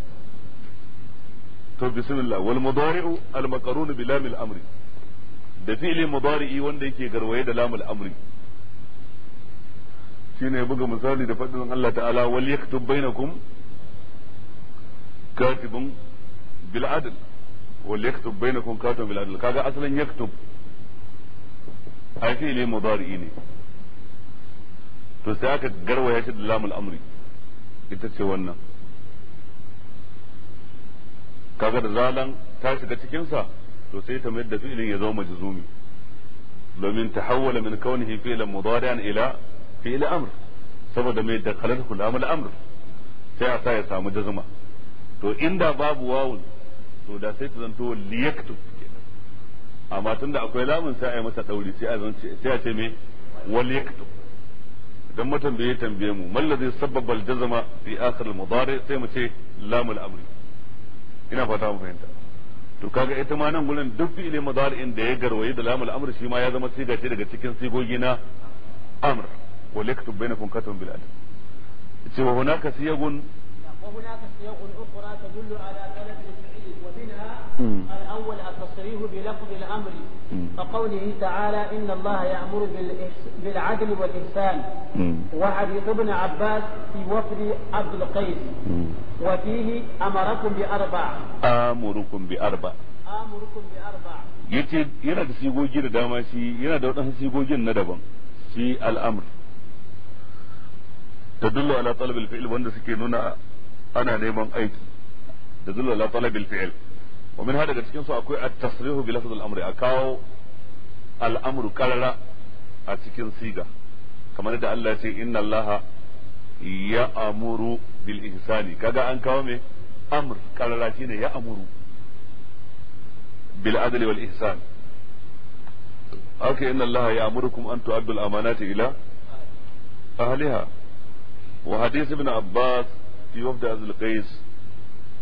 to bismillah wal mudari'u al maqrun bi lam al amri da fi'li mudari'i wanda yake garwaye da lam al amri shine ya buga misali da faɗin Allah ta'ala wal yaktub bainakum katibun bil adl wal yaktub bainakum katibun bil adl kaga asalin yaktub ai fi'li mudari ne to sai aka garwaya shi da lamul amri ita ce wannan kaga da zalan ta shiga cikin sa to sai ta mayar da fi'lin ya zama majzumi domin tahawwala min kaunihi fi'lan mudari'an ila fi'il amr saboda mai dakalar kalatul amal amr sai a sa ya samu jazma to inda babu wawun to da sai ta zanto liyaktub kenan amma tunda akwai lamun sai a yi masa dauri sai a zance sai a ce me wal yaktub dan matambaye tambaye mu mal ladhi sabbaba al jazma fi akhir al mudari sai mu ce lamul amri ina fata mu fahimta to kaga ita ma nan gurin duk fi'il mudari'in da ya garwaye da lamul amr shi ma ya zama siga ce daga cikin sigogi na amr wal yaktub bainakum katban bil adl ce wa hunaka siyagun وهناك سياق أخرى تدل على طلب الفعل ومنها الأول التصريح بلفظ الأمر كقوله تعالى إن الله يأمر بالعدل والإحسان وحديث ابن عباس في وفد عبد القيس وفيه أمركم بأربع آمركم بأربع آمركم بأربع yace yana da sigogi da dama shi yana da waɗansu sigogin na daban shi al'amur tadullu ala talab al-fi'l wanda suke nuna ana neman aiki tadullu ala talab al-fi'l wa min hada daga cikin su akwai at-tasrihu bi lafz al-amri akawo al-amru qarara a cikin siga kamar da Allah ya ce inna Allah ya'muru bil ihsani kaga an kawo me amr qarara shine ya'muru bil wal an amanati wa hadith ibn abbas fi wafd azul qais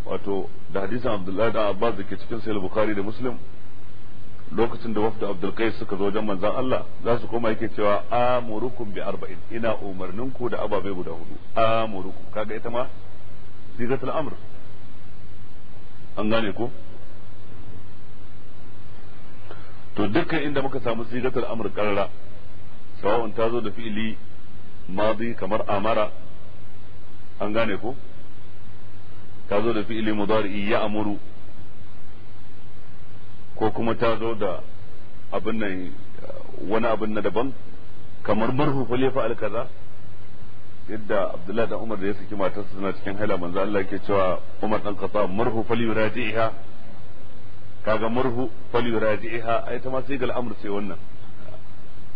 wato da hadisin abdullahi da abbas da ke cikin sahih bukhari da muslim lokacin da wafda abdul qais suka zo wajen manzon Allah za su koma yake cewa amurukum bi arba'in ina umarninku da ababai guda hudu amurukum kaga ita ma sigatul an gane ko to dukkan inda muka samu sigatul amr karara sawa'un ta zo da fi'ili madi kamar amara an gane ko ta zo da fi'ili mudari ya amuru ko kuma ta zo da abin nan wani abin na daban kamar marhu fa lefa al kaza yadda abdullahi da umar da ya saki matarsa suna cikin haila manzo Allah yake cewa umar dan kasa marhu fa yuraji'iha kaga marhu fa yuraji'iha ai ta ma sai ga amr sai wannan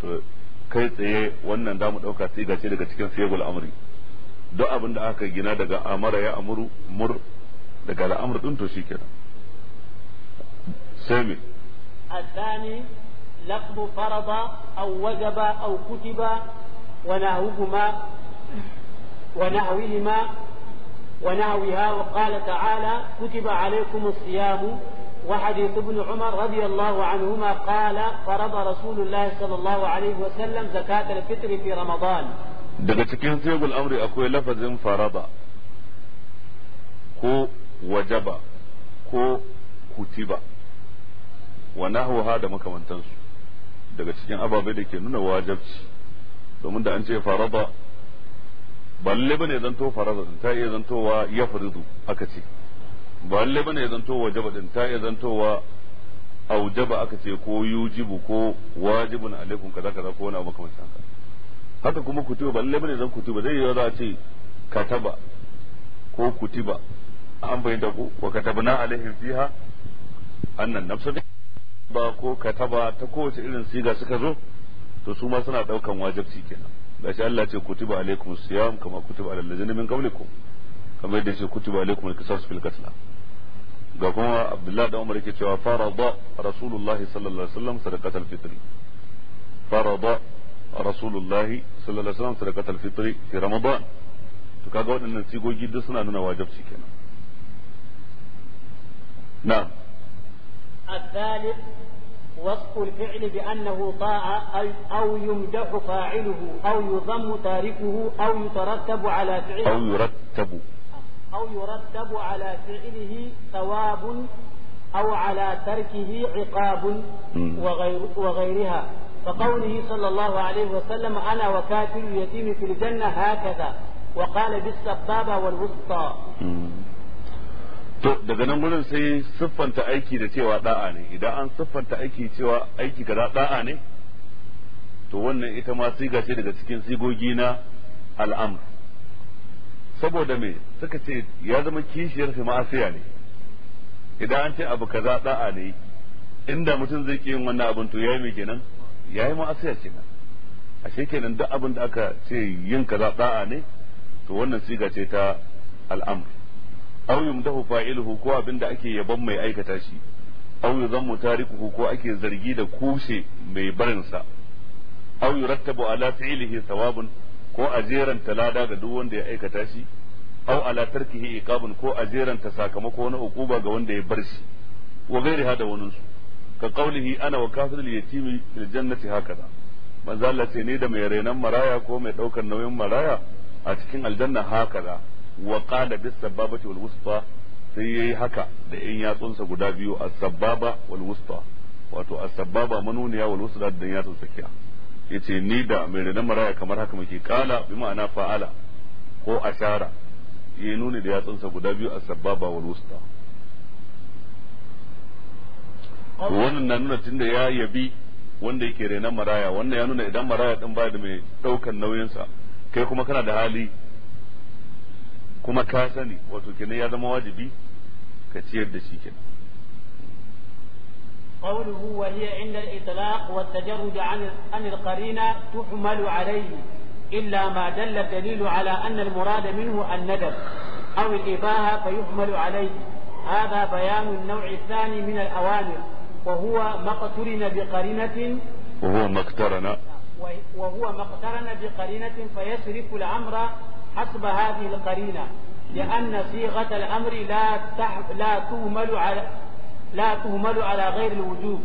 to kai tsaye wannan da mu dauka sai gace daga cikin sai ga amri duk abin da aka gina daga amara ya amuru mur daga al'amur din to shikenan sai me الثاني لفظ فرض أو وجب أو كتب ونحوهما ونحوهما ونحوها وقال تعالى كتب عليكم الصيام وحديث ابن عمر رضي الله عنهما قال فرض رسول الله صلى الله عليه وسلم زكاة الفطر في رمضان daga cikin sigul amri akwai lafazin faraba ko wajaba ko kutiba wa ha da makamantansu daga cikin ababai da ke nuna wajabci domin da an ce faraba balle bane zanto faraba din ta iya zantowa yafridu aka ce balle bane zanto wajaba din ta iya zantowa aujaba aka ce ko yujibu ko wajibun alaikum kaza kaza ko wani abu makamantan haka kuma kutuba ba lallai bane zan kutuba zai yi za a ce kataba ko kutiba an bayyana ko wa katabna alaihim fiha annan nafsa ba ko kataba ta kowace irin siga suka zo to su ma suna daukan wajibci kenan da shi Allah ce kutiba alaikum siyam kama kutiba alal ladzina min qablikum kamar yadda ce kutiba alaikum alqisas fil qatl ga kuma Abdullahi da Umar yake cewa farada rasulullahi sallallahu alaihi wasallam sadaqatul fitri farada رسول الله صلى الله عليه وسلم صدقة الفطر في رمضان to أن نسيقو جيد سنة suna nuna wajibci نعم الثالث وصف الفعل بأنه طاعة أو يمدح فاعله أو يضم تاركه أو يترتب على فعله أو يرتب أو يرتب على فعله ثواب أو على تركه عقاب وغير وغيرها فقوله صلى الله عليه وسلم أنا وكاتب يتيم في الجنة هكذا وقال بالسبابة والوسطى to daga nan gurin sai siffanta aiki da cewa da'a ne idan an siffanta aiki cewa aiki gada da'a ne to wannan ita ma siga ce daga cikin sigogi na al'amr saboda me suka ce ya zama kishiyar himasiya ne idan an ce abu kaza da'a ne inda mutum zai ki yin wannan abin to yi mai kenan yayi ma'asiya kenan ashe kenan duk abin da aka ce yin kaza da'a ne to wannan siga ce ta al'amr aw yumdahu fa'iluhu ko abin da ake yaban mai aikata shi aw yuzammu tarikuhu ko ake zargi da kushe mai barinsa. sa aw yurattabu ala fi'lihi thawabun ko a jeran lada ga duk wanda ya aikata shi aw ala tarkihi iqabun ko a ta sakamako na hukuba ga wanda ya bar shi wa ghairiha da waninsu ka kaulihi ana wa kafirul yatimi fil jannati hakaza manzo Allah ce ni da mai renan maraya ko mai daukar nauyin maraya a cikin aljanna hakaza wa qala bis sababati wal wusta sai yayi haka da in yatsunsa guda biyu as-sababa wal wusta wato as-sababa manuniya wal wusta da yatsun tsakiya yace ni da mai renan maraya kamar haka muke kala bi ma'ana fa'ala ko ashara yayi nuni da yatsunsa guda biyu as-sababa wal wusta wannan na nuna tunda ya yabi wanda yake renon maraya wannan ya nuna idan maraya din ba da mai daukan nauyinsa kai kuma kana da hali kuma ka sani wato kenan ya zama wajibi ka ciyar da shi kenan قوله وهي عند الإطلاق والتجرد عن عن القرينة تحمل عليه إلا ما دل الدليل على أن المراد منه الندب أو الإباحة فيحمل عليه هذا بيان النوع الثاني من الأوامر وهو ما اقترن بقرينة وهو ما اقترن وهو ما اقترن بقرينة فيصرف الأمر حسب هذه القرينة لأن صيغة الأمر لا تح لا تهمل على لا تهمل على غير الوجوب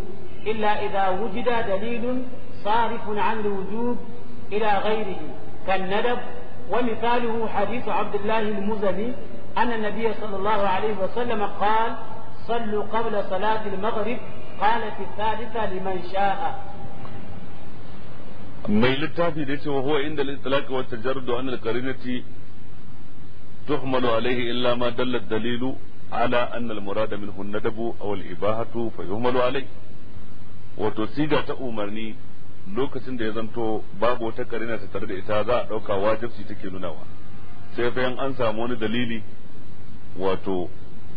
إلا إذا وجد دليل صارف عن الوجوب إلى غيره كالندب ومثاله حديث عبد الله المزني أن النبي صلى الله عليه وسلم قال صلوا قبل صلاة المغرب fi thalitha liman sha'a mai littafi da yace wa huwa inda al-istilaq wa tajarrud an al-qarinati tuhmalu alayhi illa ma dalla ad dalil ala anna al-murada minhu an-nadabu aw al-ibahatu fa yuhmalu alayhi wato siga ta umarni lokacin da ya zanto babu wata karina ta tare da ita za a dauka wajibci take nunawa sai bayan an samu wani dalili wato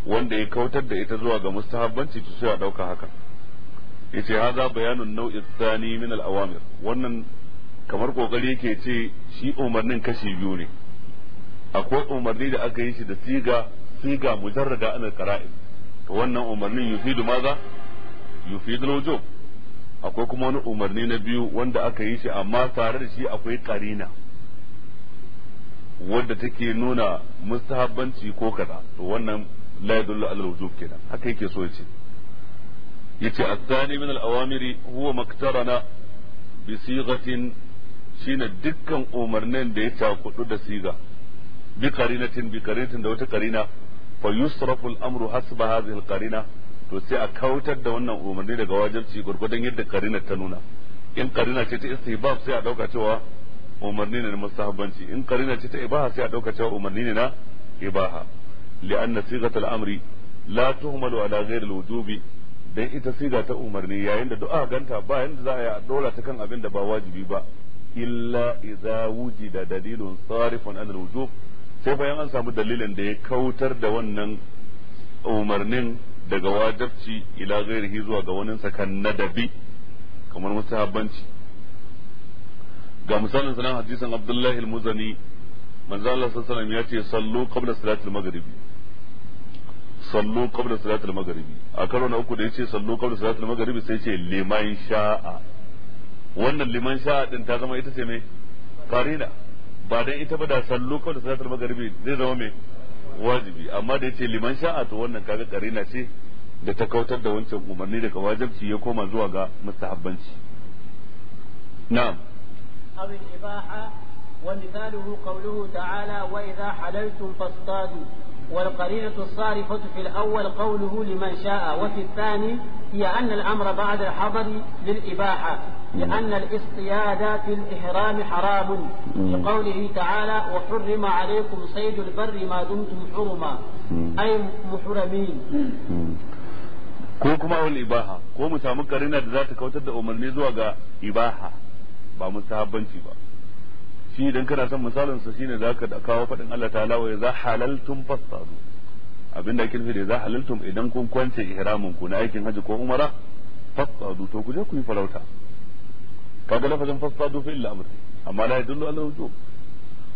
wanda ya kautar da ita zuwa ga mustahabbanci to sai a dauka haka yace haza bayanun nau'i tsani min al-awamir wannan kamar kokari yake ce shi umarnin kashi biyu ne akwai umarni da aka yi shi da siga siga mujarrada an al-qara'in to wannan umarnin yufidu maza yufidu al-wujub akwai kuma wani umarni na biyu wanda aka yi shi amma tare da shi akwai karina wadda take nuna mustahabbanci ko kaza to wannan la yadullu al-wujub kenan haka yake so ya ce yace athani min al-awamiri huwa maktarana bi sighatin shine dukkan umarnin da ya takudu da siga bi qarinatin bi qarinatin da wata qarina fa yusrafu al-amru hasba hadhihi al-qarina to sai a kautar da wannan umarni daga wajibci gurgurdan yadda qarina ta nuna in qarina ce ta istihbab sai a dauka cewa umarni ne na mustahabbanci in qarina ce ta ibaha sai a dauka cewa umarni ne na ibaha li'anna sighatul amri la tuhmalu ala ghairi al-wujubi dan ita siga ta umarni yayin da du'a ganta ba yanda za a yi dora ta kan abin da ba wajibi ba illa idza wujida dalilun sarifun an al-wujub sai bayan an samu dalilin da ya kautar da wannan umarnin daga wajibci ila ghairihi zuwa ga wani sakan nadabi kamar mustahabbanci ga misalin sanan hadisin Abdullahi al-Muzani manzo Allah sallallahu alaihi wasallam ya ce sallu qabla salatil maghribi sallu kabla salatul maghribi a karo na uku da yace sallu kabla salatul maghribi sai yace liman sha'a wannan liman sha'a din ta zama ita ce me karina ba dan ita ba da sallu kabla salatul maghribi zai zama me wajibi amma da yace liman sha'a to wannan kaga karina ce da ta kautar da wancan umarni daga wajibci ya koma zuwa ga mustahabbanci na'am abin ibaha ومثاله قوله تعالى وإذا حللتم فاصطادوا والقرينة الصارفة في الأول قوله لمن شاء وفي الثاني هي أن الأمر بعد الحضر للإباحة لأن الاصطياد في الإحرام حرام لقوله تعالى وحرم عليكم صيد البر ما دمتم حرما أي محرمين ko kuma wal ibaha ko mu samu karina da za ta kautar da umarni zuwa ga ibaha ba musabbanci ba shi idan kana son misalin sa shine zaka da kawo fadin Allah ta'ala wa idza halaltum fastadu abinda ake nufi da idza halaltum idan kun kwance ihramin ku na aikin haji ko umara fastadu to ku je ku yi farauta kaga lafazin fastadu fi illa amri amma la yadullu ala wujub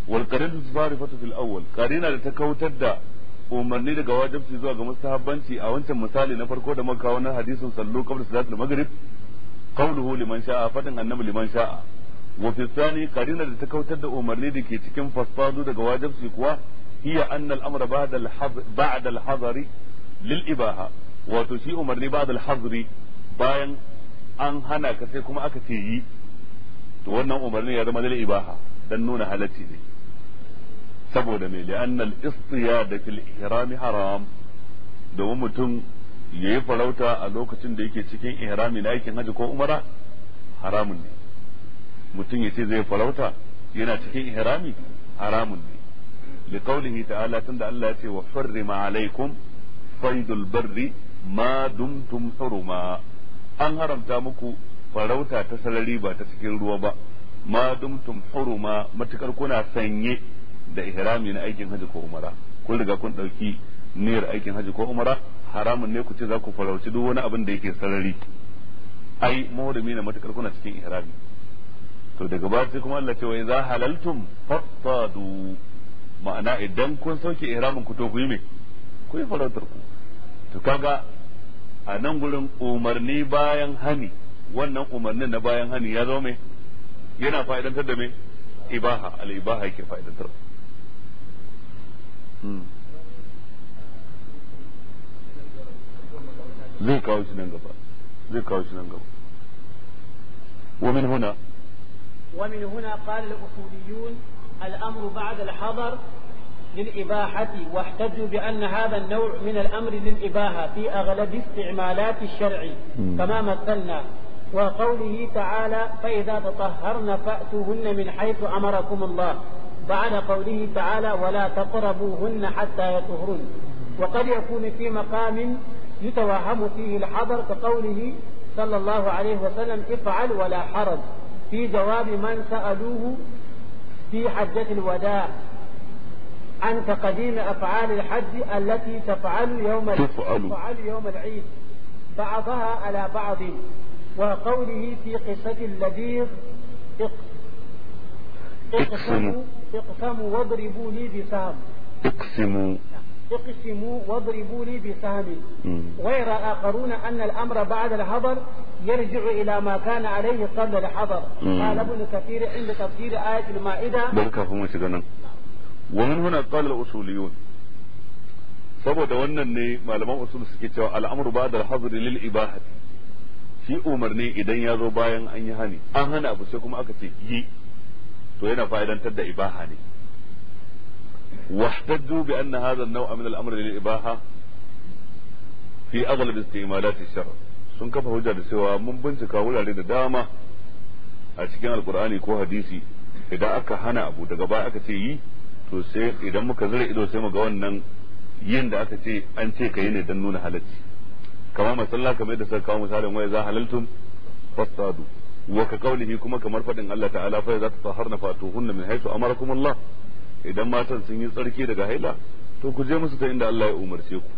wal qarinatu zarifatu fil awwal qarina da ta kautar da umarni daga wajibci zuwa ga mustahabbanci a wancan misali na farko da muka kawo na hadisin sallu qabla salatul maghrib qawluhu liman sha'a fadin annabi liman sha'a wa fi tsani da ta kautar da umarni da ke cikin fasfadu daga wajibci kuwa hiya anna al-amra ba'da al-hazari lil ibaha wato shi umarni ba'da al-hazri bayan an hana ka kuma aka ce yi to wannan umarni ya zama lil ibaha dan nuna halatti ne saboda me li'anna al da fil ihrami haram domin mutum yayi farauta a lokacin da yake cikin ihrami na aikin haji ko umara haramun ne mutum ya ce zai farauta yana cikin ihrami haramun ne liqaulihi ta'ala tunda Allah ya ce wa farrima alaikum faydul barri ma dumtum huruma an haramta muku farauta ta sarari ba ta cikin ruwa ba ma dumtum huruma matukar kuna sanye da ihrami na aikin haji ko umara kun riga kun dauki niyyar aikin haji ko umara haramun ne ku ce za ku farauci duk wani abin da yake sarari ai mawarami na matukar kuna cikin ihrami to daga baya sai kuma Allah ce wai za halaltum fattadu ma'ana idan kun sauke ihramin ku to ku yi me ku yi farautar ku to kaga a nan gurin umarni bayan hani wannan umarnin na bayan hani ya zama me yana fa'idantar da me ibaha al ibaha yake fa'idantar hmm. zai kawo shi nan gaba zai kawo shi nan gaba wa min huna ومن هنا قال الأصوليون الأمر بعد الحظر للإباحة واحتجوا بأن هذا النوع من الأمر للإباحة في أغلب استعمالات الشرع كما مثلنا وقوله تعالى فإذا تطهرن فأتوهن من حيث أمركم الله بعد قوله تعالى ولا تقربوهن حتى يطهرن وقد يكون في مقام يتوهم فيه الحضر كقوله صلى الله عليه وسلم افعل ولا حرج في جواب من سألوه في حجة الوداع عن تقديم أفعال الحج التي تفعل يوم تفعل, تفعل يوم العيد بعضها على بعض وقوله في قصة اللذيذ اقسموا اقسموا واضربوا لي بسام اقسموا اقسموا واضربوا لي بسهم غير آخرون أن الأمر بعد الحضر يرجع إلى ما كان عليه قبل الحضر قال ابن كثير عند تفسير آية المائدة ومن هنا قال الأصوليون saboda wannan ne malaman usul suke cewa al'amru ba da hazri lil ibahati shi umarni idan ya zo bayan an yi hani an hana abu sai kuma aka ce yi to yana fa'idantar da ibaha ne واحتجوا بأن هذا النوع من الأمر للإباحة في أغلب استعمالات الشرع sun kafa hujja da cewa mun bincika wurare da dama a cikin alkur'ani ko hadisi idan aka hana abu daga baya aka ce yi to sai idan muka zira ido sai mu ga wannan yin da aka ce an ce ka yi ne don nuna halacci kamar masalla kamar yadda suka kawo misalin waya za halaltum fasadu wa ka kaulihi kuma kamar faɗin Allah ta'ala fa za ta taharna fatuhunna min haythu amarakum idan matan sun yi tsarki daga haila to ku je musu ta inda Allah ya umarce ku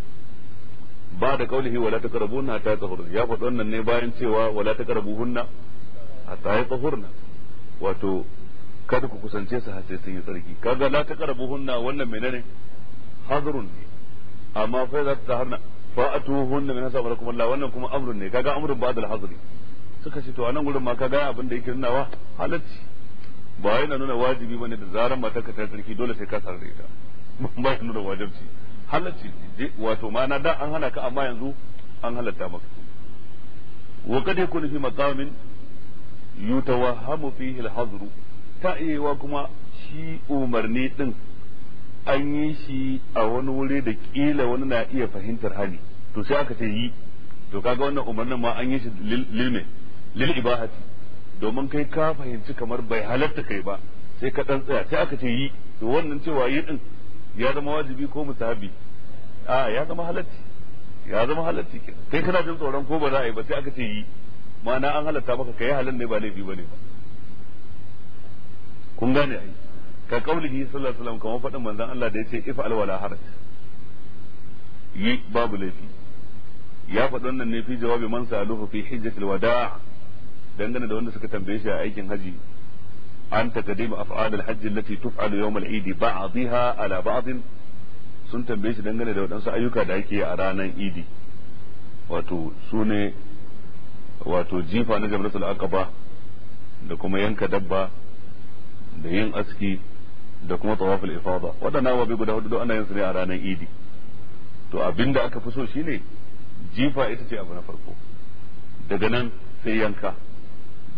ba da kaulihi wala taqrabuna ta tahur ya faɗi wannan ne bayan cewa wala taqrabuhunna hatta yatahurna wato kada ku kusance su har sai sun yi tsarki kaga la taqrabuhunna wannan menene hadrun ne amma fa za ta harna fa atuhunna min asabarakum Allah wannan kuma amrun ne kaga amrun ba'dal hadri suka ce to anan gurin ma kaga abin da yake nunawa halacci ba yana nuna wajibi bane da zaran matar ka ta sarki dole sai ka sar da ita ba yana nuna wajibi halacci wato ma na da an hana ka amma yanzu an halatta maka wa kadai yakunu fi maqamin yutawahhamu fihi al-hazru ta wa kuma shi umarni din an yi shi a wani wuri da kila wani na iya fahimtar hali to sai aka ce yi to kaga wannan umarnin ma an yi shi lil lil ibahati domin kai ka fahimci kamar bai halatta kai ba sai ka dan tsaya sai aka ce yi to wannan cewa yi din ya zama wajibi ko musabi a ya zama halatti ya zama halatti kenan kai kana jin tsoron ko ba za a yi ba sai aka ce yi ma'ana an halatta maka kai halin ne ba laifi bane ba kun gane ai ka kaulihi sallallahu alaihi wasallam kamar faɗin manzon Allah da yace if'al wala haraj yi babu laifi ya faɗi wannan ne fi jawabi man saluhu fi hijjatil wada' dangane da wanda suka tambaye shi a aikin haji an taqdim af'al al-hajj allati tuf'alu yawm al-eid ba'dha ala ba'd sun tambaye shi dangane da waɗansu ayyuka da ake a ranar idi wato sune wato jifa na jamratul aqaba da kuma yanka dabba da yin aski da kuma tawaful ifada waɗannan wabi guda hudu ana yin su ne a ranar idi to abinda aka fi so shine jifa ita ce abu na farko daga nan sai yanka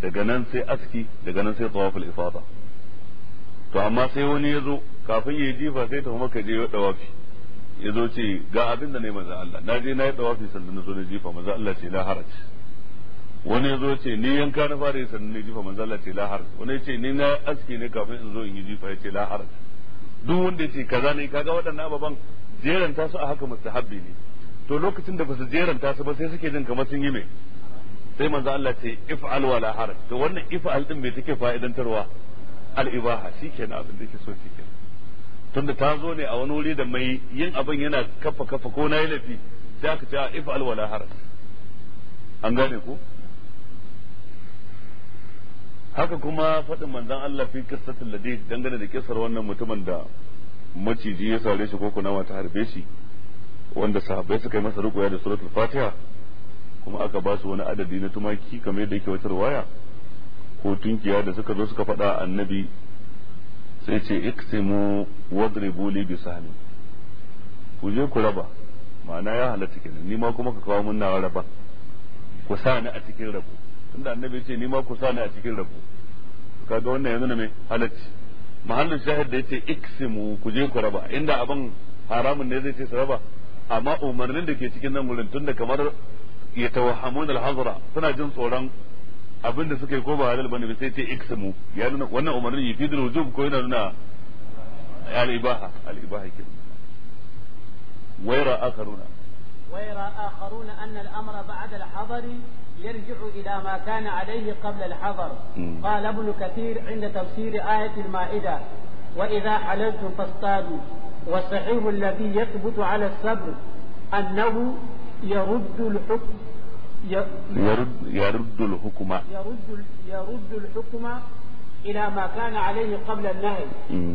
daga nan sai aski daga nan sai tawaful ifada to amma sai wani ya zo kafin ya yi jifa sai tafi maka je ya dawafi ya zo ce ga abin da ne manzo Allah na je na yi dawafi sannan na zo na jifa manzo Allah ce la haraj wani ya zo ce ni yanka na fara yi sannan na jifa manzo Allah ce la haraj wani ya ce ni na aski ne kafin in zo in yi jifa ya ce la haraj duk wanda ya ce kaza ne kaga waɗannan ababan jeranta su a haka mustahabbi ne to lokacin da ba su jeranta su ba sai suke jin kamar sun yi mai sai manzo Allah ce if'al wala haraj to wannan if'al din me take fa'idantarwa al ibaha shikenan abin da yake so cikin tunda ta zo ne a wani wuri da mai yin abin yana kafa kafa ko na yi lafi sai aka ce if'al wala haraj an gane ku. haka kuma faɗin manzon Allah fi qissatul ladid dangane da kisar wannan mutumin da maciji ya sare shi ko kunawa ta harbe shi wanda sahabbai suka yi masa rukuya da suratul fatiha kuma aka ba su wani adadi na tumaki kamar yadda yake wata riwaya ko tunkiya da suka zo suka faɗa annabi sai ce iksimu wadribu li sahmi ku je ku raba ma'ana ya halatta kenan ni ma kuma ka kawo mun nawa raba ku sa ni a cikin rabo tunda annabi ce ni ma ku sa ni a cikin rabo kaga wannan yanzu na me halatta mahallin shahid da yace iksimu ku je ku raba inda abin haramun ne zai ce su raba amma umarnin da ke cikin nan gurin tunda kamar يتوهمون الحضرة سنة جنس وران أبن سكي كوبا على البني بسيتي إكسمو يعني وانا أمرني يفيد الوجوب كوين لنا الإباحة الإباحة كده ويرى آخرون ويرى آخرون أن الأمر بعد الحضر يرجع إلى ما كان عليه قبل الحضر قال ابن كثير عند تفسير آية المائدة وإذا حللتم فاصطادوا والصحيح الذي يثبت على الصبر أنه يرد الحكم يرد يرد الحكم يرد يرد الحكم إلى ما كان عليه قبل النهي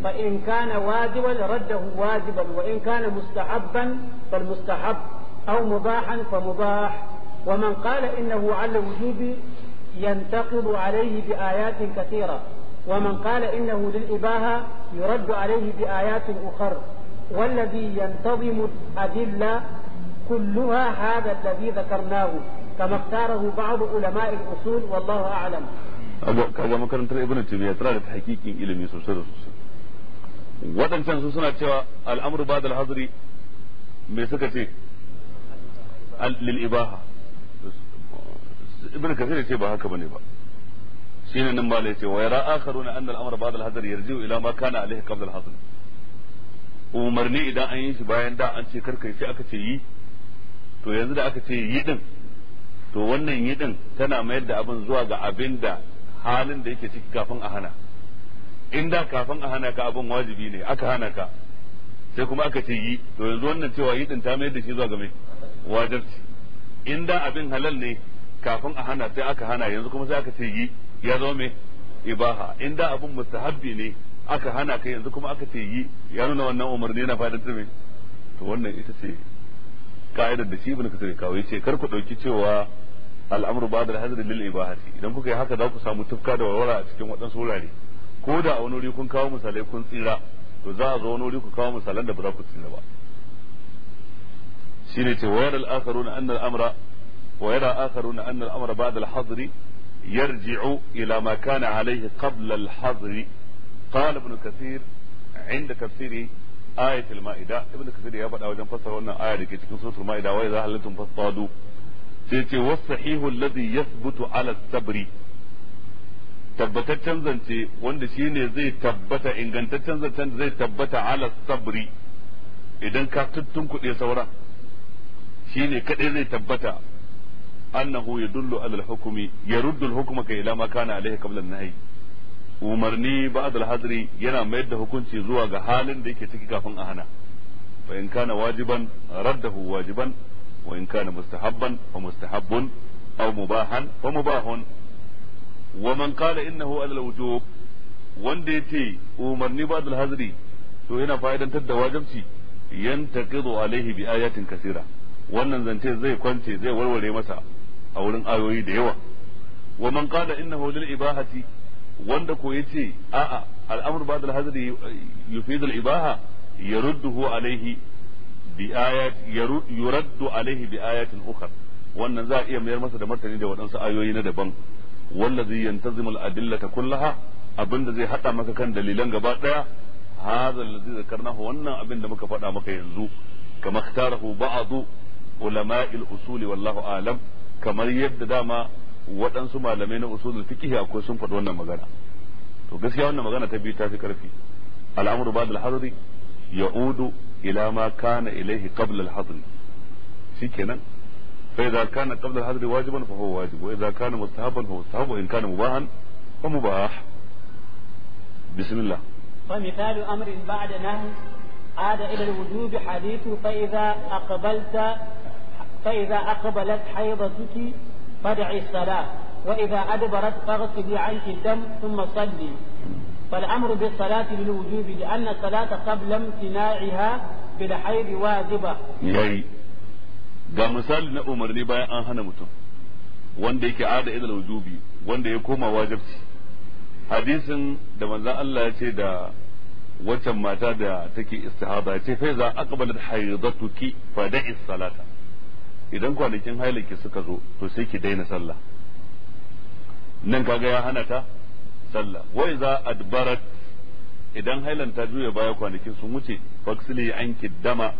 فإن كان واجبا رده واجبا وإن كان مستحبا فالمستحب أو مباحا فمباح ومن قال إنه على الوجوب ينتقض عليه بآيات كثيرة ومن قال إنه للإباحة يرد عليه بآيات أخرى والذي ينتظم الأدلة كلها هذا الذي ذكرناه كما اختاره بعض علماء الأصول والله أعلم kaga makarantar ibn tabiya tana da hakikin ilimi sosai da sosai waɗancan su suna cewa al'amru ba da hazri me suka ce lil ibaha ibn kasir ce ba haka bane ba shine nan malai ce wa yara akharuna anna al'amru ba da hazri yarji'u ila ma kana alayhi qabla al hazri umarni idan an yi shi bayan da an ce karkai sai aka ce yi to yanzu da aka ce yi din to wannan yi din tana mayar da abin zuwa ga abin da halin da yake ciki kafin a hana in da kafin a hana ka abin wajibi ne aka hana ka sai kuma aka ce yi to yanzu wannan cewa yi din ta mayar da shi zuwa ga mai wajibci in da abin halal ne kafin a hana sai aka hana yanzu kuma sai aka ce yi ya zama mai ibaha in da abin mustahabbi ne aka hana ka yanzu kuma aka ce yi ya nuna wannan umarni na fadin ta to wannan ita ce ka'idar da shi ibn kasir kawai ce kar ku dauki cewa al'amru ba da hadri lil ibahati idan kuka yi haka za ku samu tufka da walwala a cikin waɗansu wurare ko da a wani wuri kun kawo misalai kun tsira to za a zo wani wuri ku kawo misalan da ba za ku tsira ba shine ce wayar al-akharuna anna al-amra ويرى آخرون أن الأمر بعد الحظر يرجع إلى ما كان عليه قبل الحظر قال ابن كثير عند تفسير ayatul ma'ida ibnu kasir ya faɗa wajen fassara wannan aya da ke cikin suratul ma'ida wai za halatum fasadu sai ce was sahihu alladhi yathbutu ala sabri tabbataccen zance wanda shine zai tabbata ingantaccen zancen zai tabbata ala sabri idan ka tuttunkuɗe sauran shine kadai zai tabbata annahu ya ala hukumi ya yaruddu al-hukma ka ila ma kana alayhi qabla an umarni ba'd al-hadri yana mayar da hukunci zuwa ga halin da yake ciki kafin a hana fa in kana wajiban raddahu wajiban wa in kana mustahabban fa mustahabbun aw mubahan fa mubahun wa man qala innahu ala al-wujub wanda yace umarni ba'd al-hadri to yana fa'idantar da wajibci yantaqidu alaihi bi ayatin kasira wannan zance zai kwance zai warware masa a wurin ayoyi da yawa wa man qala innahu lil ibahati wanda ko yace a'a al'amru ba'd al-hazri yufid al-ibaha yarudduhu alayhi bi ayat yuraddu alayhi bi ayatin ukar wannan za a iya mayar masa da martani da waɗansu ayoyi na daban wallazi yantazimu adilla ta kullaha abinda zai haɗa maka kan dalilan gaba daya hadha allazi zakarnahu wannan abin da muka faɗa maka yanzu kama ikhtarahu ba'd ulama'il usuli wallahu alam kamar yadda dama waɗansu malamai na usulul fiqh akwai sun faɗi wannan magana to gaskiya wannan magana ta biyu ta fi karfi al'amru ba'd al-hadri ya'udu ila ma kana ilayhi qabla al-hadri shikenan fa idza kana qabla al-hadri wajiban fa huwa wajib wa idza kana mustahaban fa mustahab in kana mubahan fa mubah bismillah ومثال أمر بعد نهي عاد إلى الوجوب حديث فإذا أقبلت فإذا أقبلت حيضتك فدعي الصلاة وإذا أدبرت فاغسلي عنك الدم ثم صلي فالأمر بالصلاة للوجوب لأن الصلاة قبل امتناعها بالحيض واجبة ياي ga misali na umarni bayan an hana mutum wanda yake ada ilal wujubi wanda ya koma wajibci hadisin da maza Allah ya ce da waccan mata da take istihada ya ce fa za aqbalat haydatuki fa da'i salata idan kwanakin hailaki suka zo to sai ki daina sallah nan kaga ya hana ta sallah wa idza adbarat idan hailan ta juya baya kwanakin sun wuce faksili anki dama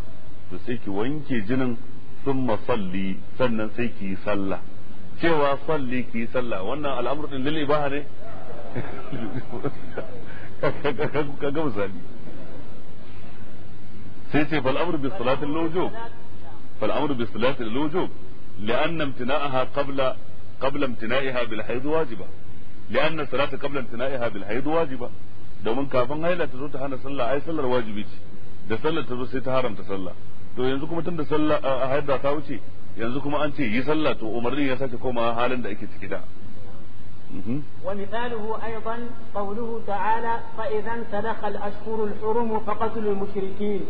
to sai ki wanke jinin summa salli sannan sai ki yi sallah cewa salli ki sallah wannan al'amur din lil ibaha ne kaga misali sai ce fal amru bis فالأمر بالصلاة للوجوب لأن امتناعها قبل قبل امتنائها بالحيض واجبة لأن الصلاة قبل امتنائها بالحيض واجبة domin kafin haila ta zo ta hana sallah ai sallar wajibi ce da sallar ta zo sai ta haramta sallah to yanzu kuma tunda sallah a haida ta wuce yanzu kuma an ce yi sallah to umarni ya sake komawa halin da ake ciki da ومثاله أيضا قوله تعالى فإذا انسلخ الأشهر الحرم فقتلوا المشركين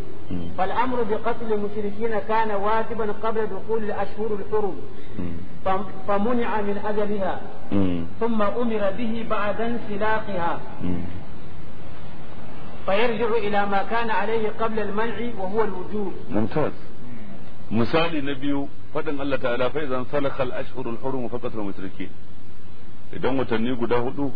فالأمر بقتل المشركين كان واجبا قبل دخول الأشهر الحرم فمنع من أجلها ثم أمر به بعد انسلاخها فيرجع إلى ما كان عليه قبل المنع وهو الوجوب ممتاز مثال نبي فدن الله تعالى فإذا انسلخ الأشهر الحرم فقتلوا المشركين idan watanni guda hudu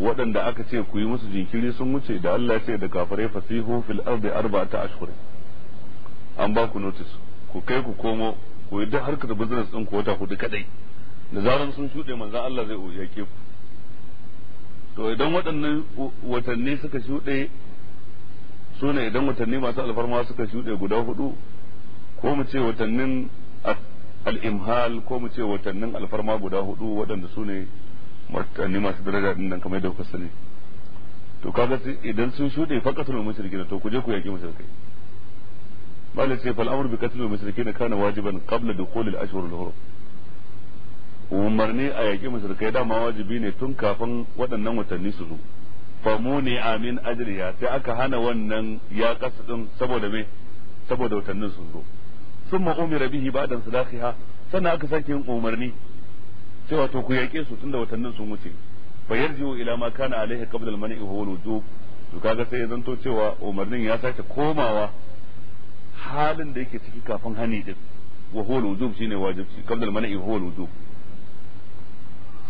waɗanda aka ce ku yi musu jinkiri sun wuce da Allah ce da kafare fasihu fil ardi arba'ata ashhurin an ba ku notice ku kai ku komo ku yi duk harkar business din ku wata hudu kadai da zaran sun shuɗe manzon Allah zai yake ku to idan waɗannan watanni suka shuɗe su ne idan watanni masu alfarma suka shuɗe guda hudu ko mu ce watannin Al'imhal ko mu ce watannin alfarma guda hudu waɗanda su ne martani masu daraja din nan kamar da kuka sani to kaga idan sun shuɗe faqatul mushrikin to ku je ku yaki mushrikai bala ce fal amru bi qatlil mushrikin kana wajiban qabla dukhul al-ashhur al-hurum umarni a yaki mushrikai dama wajibi ne tun kafin waɗannan watanni su zo famuni amin ajriya sai aka hana wannan ya kasu din saboda me saboda watannin sun zo summa umira bihi ba'da salahiha sannan aka sake yin umarni cewa to ku yake su tunda watannin sun wuce fa yarji'u ila ma kana alaihi qabla al-man'i wa al-wujub to kaga sai ya zanto cewa umarnin ya sake komawa halin da yake ciki kafin hani din wa huwa al-wujub shine wajibi qabla al-man'i wa al-wujub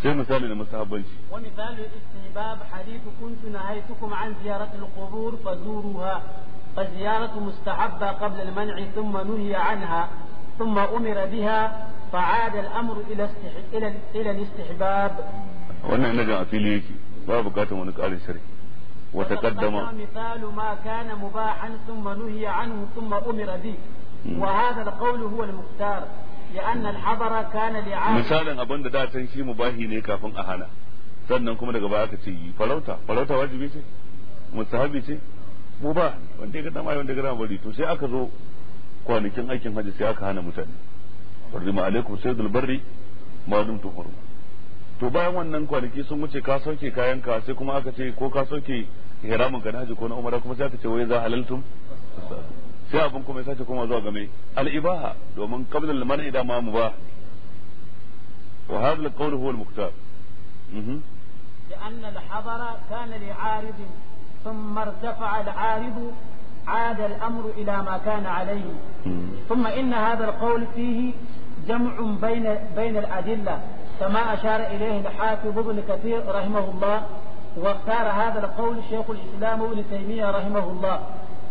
شيء مثال na musahabbanci wa ومثال istihbab حديث كنت نهيتكم عن زيارة القبور fazuruha فزيارة مستحبة قبل المنع ثم نهي عنها ثم أمر بها فعاد الأمر إلى استح... إلى إلى الاستحباب. وأنا نجا في ليكي باب كاتم ونقال شري وتقدم مثال ما كان مباحا ثم نهي عنه ثم أمر به وهذا القول هو المختار misalin abin da datan shi mubahi ne kafin a hana sannan kuma daga baya ka ce yi farauta farauta wajibi ce mustahabi ce mu ba wanda ya dama wanda ya dama bari to sai aka zo kwanakin aikin hajji sai aka hana mutane ma alaikum sai barri ma dum tuhur to bayan wannan kwanaki sun wuce ka sauke kayan ka sai kuma aka ce ko ka sauke hiramun ka na hajji ko na umara kuma sai aka ce wai za halaltum sai abin kuma ya sake koma zuwa game al-ibaha domin qabla al-mar'i da ma mubah wa hadha al-qawl huwa al-muqtar لأن الحضر كان لعارض ثم ارتفع العارض عاد الأمر إلى ما كان عليه ثم إن هذا القول فيه جمع بين بين الأدلة كما أشار إليه الحافظ ابن كثير رحمه الله واختار هذا القول شيخ الإسلام ابن تيمية رحمه الله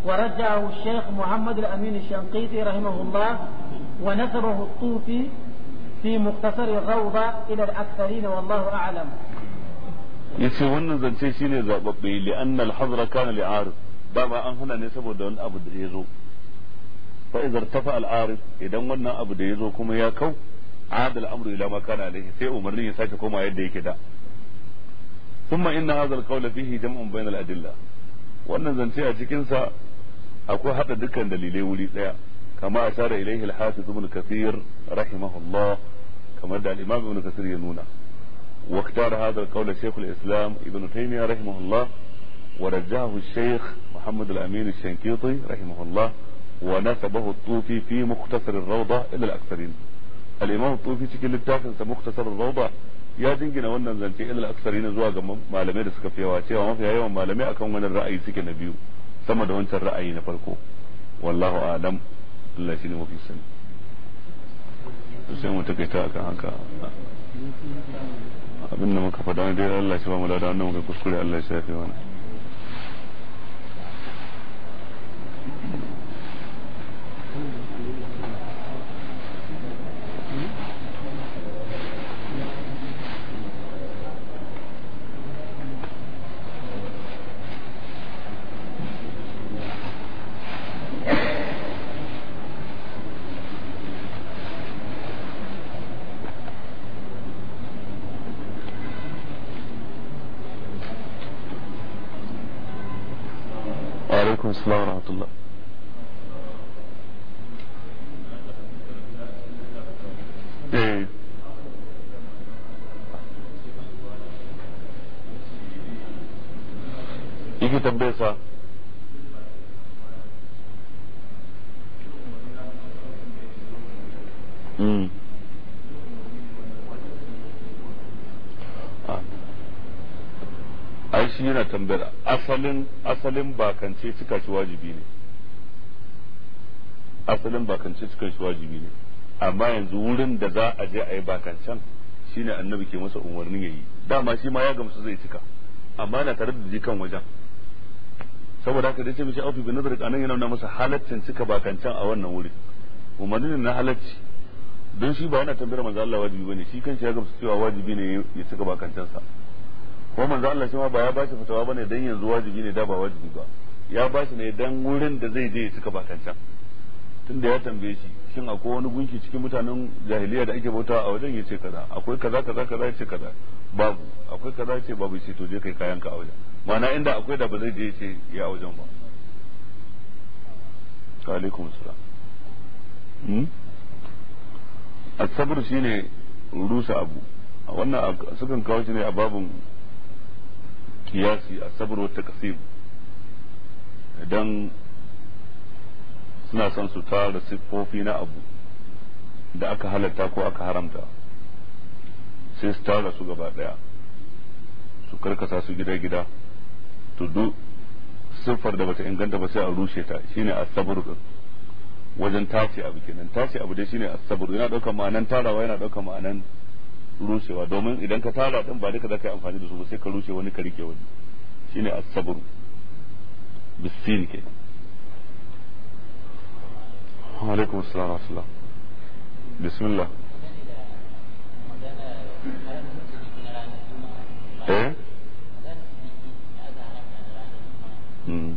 ورجعه الشيخ محمد الأمين الشنقيطي رحمه الله ونسبه الطوفي في مختصر الروضة إلى الأكثرين والله أعلم يسي هنا زنسي لأن الحظر كان لعارف بابا أن هنا نسبه دون أبو دعيزو فإذا ارتفع العارف إذا ونا أبو دعيزو كما ياكو عاد الأمر إلى ما كان عليه سيء مرني ساتكما يدي كده ثم إن هذا القول فيه جمع بين الأدلة wannan zance a cikinsa akwai hada dukkan dalilai wuri daya kama ashara ilaihi al-hafiz ibn kathir rahimahullah kamar da al-imam ibn kathir ya nuna wa ikhtara hadha al-qawl shaykh al-islam ibn taymiyyah rahimahullah ورجحه الشيخ محمد الأمين الشنكيطي رحمه الله ونسبه الطوفي في مختصر الروضة إلى الأكثرين الإمام الطوفي cikin littafinsa مختصر الروضة ya jingina wannan zance ilal aksari na zuwa ga malamai da suka fiyawa cewa mafiya yawan malamai akan wannan ra'ayi suke na biyu sama da wancan ra'ayi na farko wallahu alam Allah shi ne mafi sani sai mu takaita akan haka abin da muka faɗa dai Allah shi ba mu da wannan muka kuskure Allah shi ya shafe mana Mm. Ah. ai shi yana tambayar asalin asalin bakance cika shi wajibi ne asalin bakance cika shi wajibi ne amma yanzu wurin da za a je a yi bakancan shine annabi ke masa umarnin yayi dama shi ma ya gamsu zai cika amma yana tare da jikan wajen saboda haka dai ce mishi aufi bin nazar anan yana nuna masa halaccin cika bakancan a wannan wuri umarnin na halacci don shi ba wani tambayar manzo Allah wajibi bane shi shi ya gamsu cewa wajibi ne ya cika bakantansa kuma manzo Allah shi ma ba ya ba shi fatawa bane dan yanzu wajibi ne da ba wajibi ba ya ba shi ne dan wurin da zai je ya cika bakantan tunda ya tambaye shi shin akwai wani gunki cikin mutanen jahiliya da ake bauta a wajen yace kaza akwai kaza kaza kaza yace kaza babu akwai kaza yace babu sai to je kai kayan ka a wajen ma'ana inda akwai da ba zai je yace ya a wajen ba alaikum salam hmm? asabar shine rusa abu wannan sukan kawo shi ne a babin kiyasi asabar wata kasir idan suna son su tara siffofi na abu da aka halatta ko aka haramta sai su tara su gaba daya su karkasa su gida-gida to duk siffar da bata inganta ba sai a rushe ta shine asabar din wajen tashi abu kenan tashi abu dai shine asabar yana daukar ma'anan tarawa yana daukar ma'anan rushewa domin idan ka tara din ba duka zaka yi amfani da su ba sai ka rushe wani ka rike wani shine asabar bisin ke alaikum assalam wa rahmatullah bismillah eh hmm.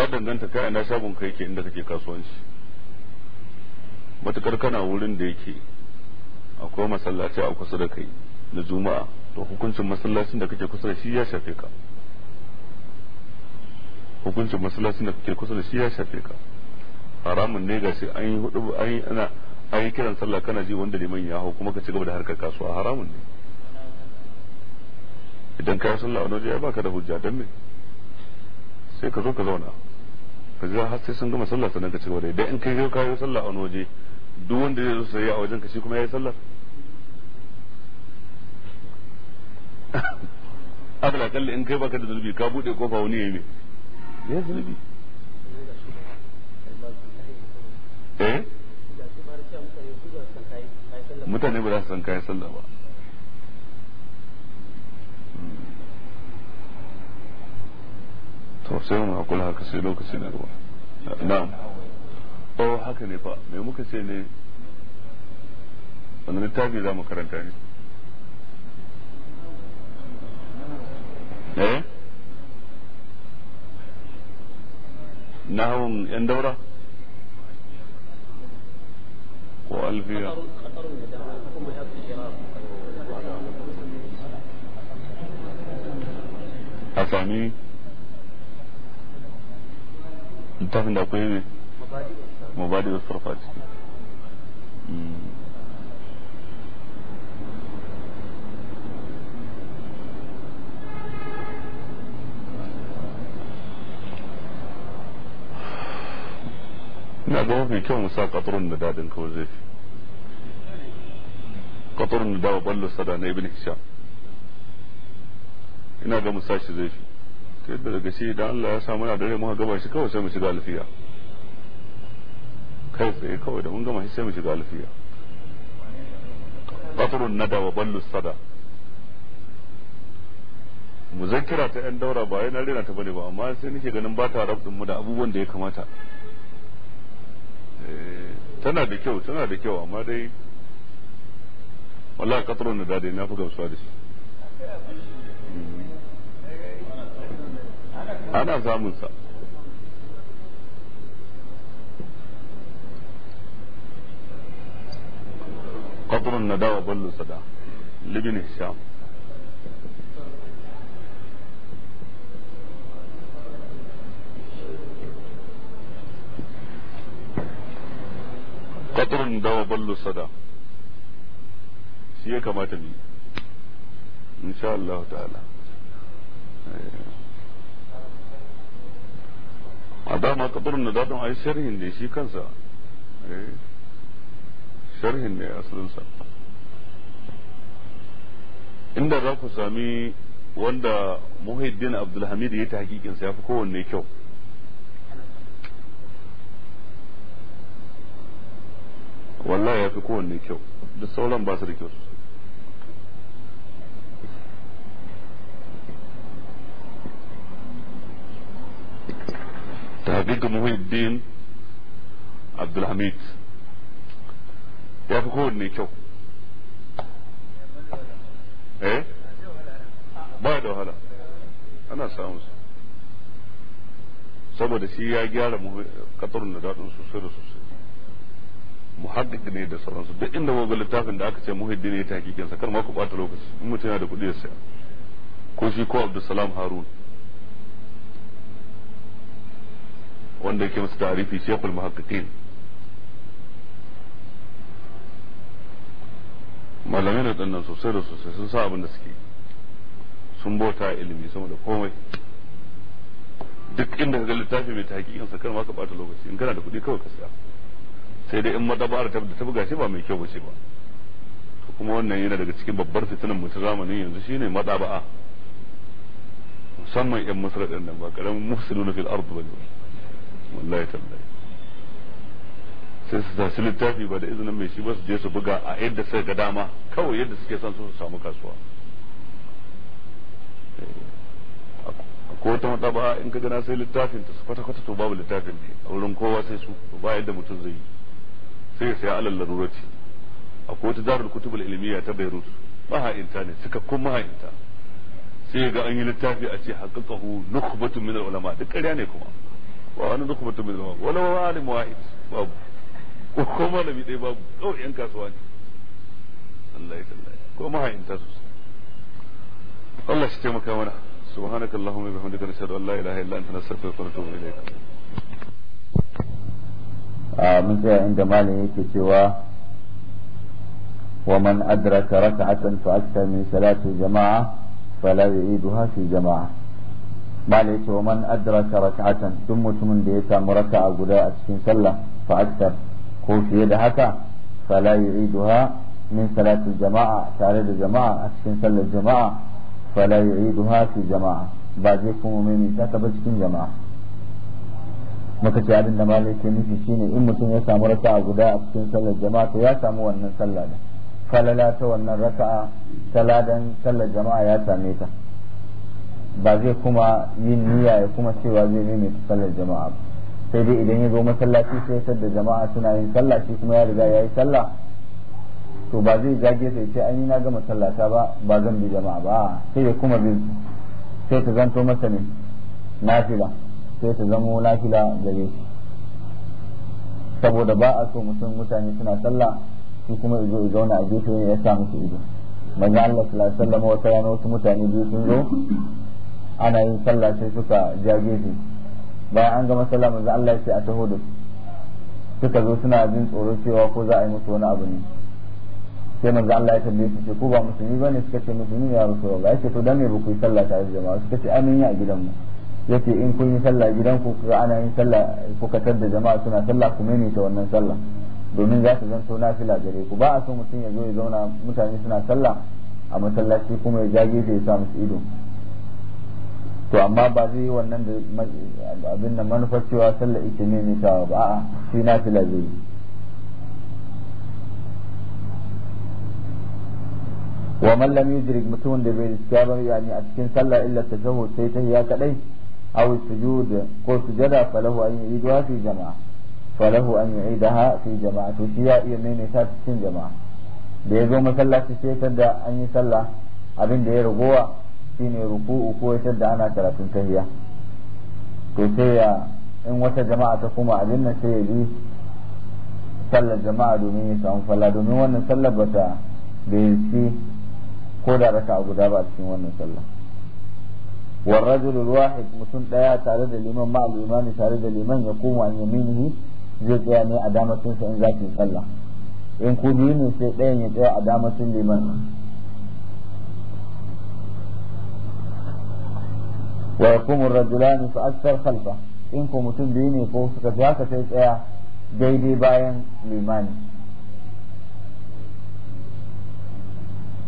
ya danganta kai ina shagon kai ke inda kake kasuwanci matukar kana wurin da yake akwai masallaci a kusa da kai na juma'a to hukuncin masallacin da kake kusa da shi ya shafe ka hukuncin masallacin da kake kusa da shi ya shafe ka haramun ne ga shi an yi hudu an yi ana an yi kiran sallah kana ji wanda liman ya hau kuma ka ci gaba da harkar kasuwa haramun ne idan ka yi sallah wani waje ya baka da hujja don me sai ka zo ka zauna ka jira har sai sun gama sallah sannan ka ci gaba da idan in kai ka kayo sallah a waje duk wanda zai zo sai a wajen ka shi kuma yayi sallar abla kalli in kai baka da zulubi ka bude kofa wani yayi me ya yi eh mutane ba za su san kayan sallah ba to sai mu hakula haka sai lokaci na ruwa na'am oh haka ne fa me muka ce ne wannan littafi za mu karanta ne eh nahawun yan daura ko alfiya a sami littafin da akwai mabadi da sarfa ciki ina ga mafi kyau musa katurun da dadin kawai zai fi katurun da dawa ballo sada na ibn hisham ina ga musa shi zai fi ta yadda daga shi idan Allah ya sa muna dare muka gaba shi kawai sai mu shiga alfiya kai tsaye kawai da mun gama shi sai mu shiga alfiya fatrun nada wa ballu sada muzakkira ta yan daura ba yana rena ta bane ba amma sai nake ganin ba ta rabdin mu da abubuwan da ya kamata eh, tana da kyau tana da kyau amma dai wallahi katrun nada dai na fi gamsuwa da shi ana samun sa قطر الندى وبل صدى لابن هشام قطر الندى وبل صدى shi ya kamata ne in sha Allah ta'ala a dama kaburin da dadin ai sharhin ne shi kansa eh, sharhin ne asalinsa inda za ku sami wanda muhiddin abdulhamid ya ta hakikinsa ya fi kowanne kyau wallahi ya fi kowanne kyau duk sauran ba su da kyau تحقيق محي الدين عبد الحميد ya fi kowanne kyau eh ba da wahala ana samun saboda shi ya gyara katarun da daɗin sosai da sosai muhaddid ne da sauransu duk inda wanga littafin da aka ce muhiddi ne ta hakikinsa kar ma ku ɓata lokaci in mutum yana da kuɗi da saya ko shi ko abdulsalam harun wanda yake masa tarifi shekul muhaqqiqin malamai da dannan sosai da sosai sun sa abin da suke sun bauta ilimi sama da komai duk inda ka ga littafi mai tahqiqin sa kar ma ka bata lokaci in kana da kuɗi kawai ka siya sai dai in madabar ta ta buga shi ba mai kyau ba shi ba to kuma wannan yana daga cikin babbar fitinan mu ta zamanin yanzu shine madaba'a musamman yan masar din nan ba karamin mufsiduna fil ard wal wallahi tallahi sai su tashi littafi ba da izinin mai shi ba su je su buga a yadda suka ga dama kawai yadda suke son su samu kasuwa ko ta mata ba in ka gana sai littafin ta su kwata kwata to babu littafin ne a wurin kowa sai su ba yadda mutum zai yi sai ya saya alal larurati a ko ta darul kutubul ilmiya ta Beirut maha'inta ne suka kun maha'inta sai ga an yi littafi a ce haqqaqahu nukhbatun min ulama duk ƙarya ne kuma ba wani nukubatun min zama wala wa alim wahid babu ko ko malami dai babu kawai yan kasuwa ne Allah ya tallaye ko mahayinta sosai Allah shi taimaka mana سبحانك اللهم وبحمدك نشهد ان لا اله الا انت نستغفرك ونتوب اليك من جاء عند مالك سوى ومن أدرك ركعة فأكثر من صلاة الجماعة فلا يعيدها في جماعة malai yace wa man adraka rak'atan duk mutumin da ya samu raka'a guda a cikin sallah fa akthar ko fiye da haka fala yuriduha min salatul jama'a tare da jama'a a cikin sallar jama'a fala yuriduha fi jama'a ba zai kuma mai ta ba cikin jama'a muka ce abin da malai ke nufi shine in mutum ya samu raka'a guda a cikin sallar jama'a to ya samu wannan sallah da falala ta wannan raka'a ta sallar jama'a ya same ta ba zai kuma yin niyya ya kuma cewa zai ne sallar jama'a ba sai dai idan ya zo masallaci sai ya da jama'a suna yin sallah shi kuma ya riga ya yi sallah to ba zai zage sai ce an yi na ga sallata ba ba zan bi jama'a ba sai ya kuma bin sai ta zanto masa ne nafila sai ta zamo nafila gare shi saboda ba a so mutum mutane suna sallah shi kuma izo ya zauna a gefe ya sa musu ido manzo Allah sallallahu alaihi wasallam wata wasu mutane biyu sun zo ana yin sallah sai suka ja gefe bayan an gama sallah manzo Allah ya ce a taho suka zo suna jin tsoro cewa ko za a yi musu wani abu ne sai manzo Allah ya tambaye su ce ko ba musulmi bane suka ce musulmi ya rasulullah yace to dan me ba ku yi sallah tare da jama'a suka ce amin ya a gidanmu yace in kun yi sallah gidan ku ga ana yin sallah kuka tar da jama'a suna sallah ku ta wannan sallah domin za su zanto fila gare ku ba a so mutum ya zo ya zauna mutane suna sallah a masallaci kuma ya jage da ya sa musu ido to amma ba zai yi wannan da abin da manufar cewa sallar ita ne mai shawa ba a'a shi na fila zai yi wa man yudrik mutumin da bai riska ba yani a cikin sallah illa tashahhud sai ta ya kadai aw sujud ko sujada falahu an yu'idaha fi jama'a falahu an yu'idaha fi jama'a to shi ya iya maimaita cikin jama'a da ya zo masallaci sai da an yi sallah abin da ya ragowa shine ruku'u ko ya da ana karatun tahiya to sai ya in wata jama'a ta kuma abin nan sai ya bi sallar jama'a domin ya samu falla domin wannan sallar bata bai ci ko da raka guda ba a cikin wannan sallar والرجل wahid mutum daya tare da liman ma al tare da liman ya koma an yaminihi zai tsaya ne a damacin sa in zaki sallah in ku ne sai ɗayan ya tsaya a damacin liman wa yaqumu ar-rajulani fa akthar khalfa in ko mutum biyu ne ko suka fi haka sai tsaya daidai bayan limani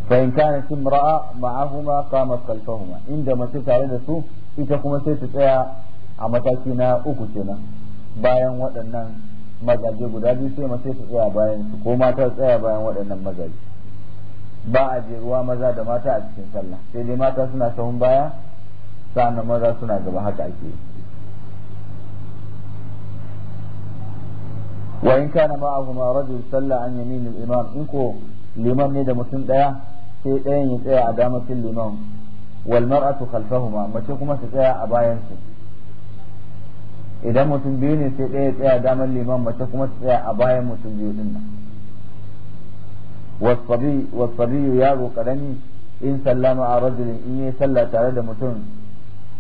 fa in ra'a imra'a ma'ahuma qamat khalfahuma inda mace tare da su ita kuma sai ta tsaya a mataki na uku kenan bayan waɗannan mazaje guda biyu sai sai ta tsaya bayan su ko mata tsaya bayan waɗannan mazaje ba a je ruwa maza da mata a cikin sallah sai dai mata suna sahun baya sa'annan maza suna gaba haka ake wa in kana ma'ahuma rajul salla an yi al-imam in ko liman ne da mutum daya sai dayan ya tsaya a damakin liman wal mar'atu khalfahuma mace kuma ta tsaya a bayansu idan mutum biyu ne sai daya ya tsaya a damar liman mace kuma ta tsaya a bayan mutum biyu din nan wasabi wasabi yaro karami in sallama a rajulin in yi sallah tare da mutum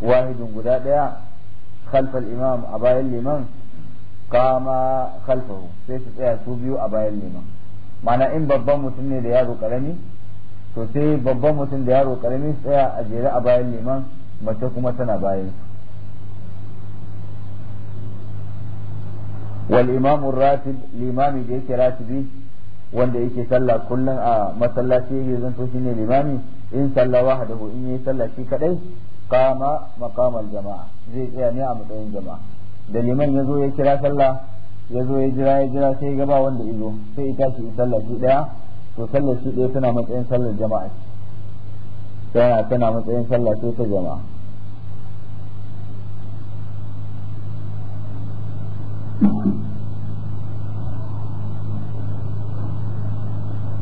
wahidun guda ɗaya khalfal imam a bayan liman kama khalfahu sai su tsaya su biyu a bayan liman mana in babban mutum ne da yaro karami to sai babban mutum da yaro karami su tsaya a jere a bayan liman mace kuma tana bayan su wal imamu ratib limami da yake ratibi wanda yake sallah kullum a masallaci yake zanto shine limami in sallah wahadahu in yi sallah shi kadai qama maqamal jama'a zai tsaya ne a matsayin jama'a da liman ya zo ya kira sallah ya zo ya jira ya jira sai gaba wanda izo sai ya tashi ya sallah shi daya to sallar shi daya tana matsayin sallar jama'a tana tana matsayin sallah sai ta jama'a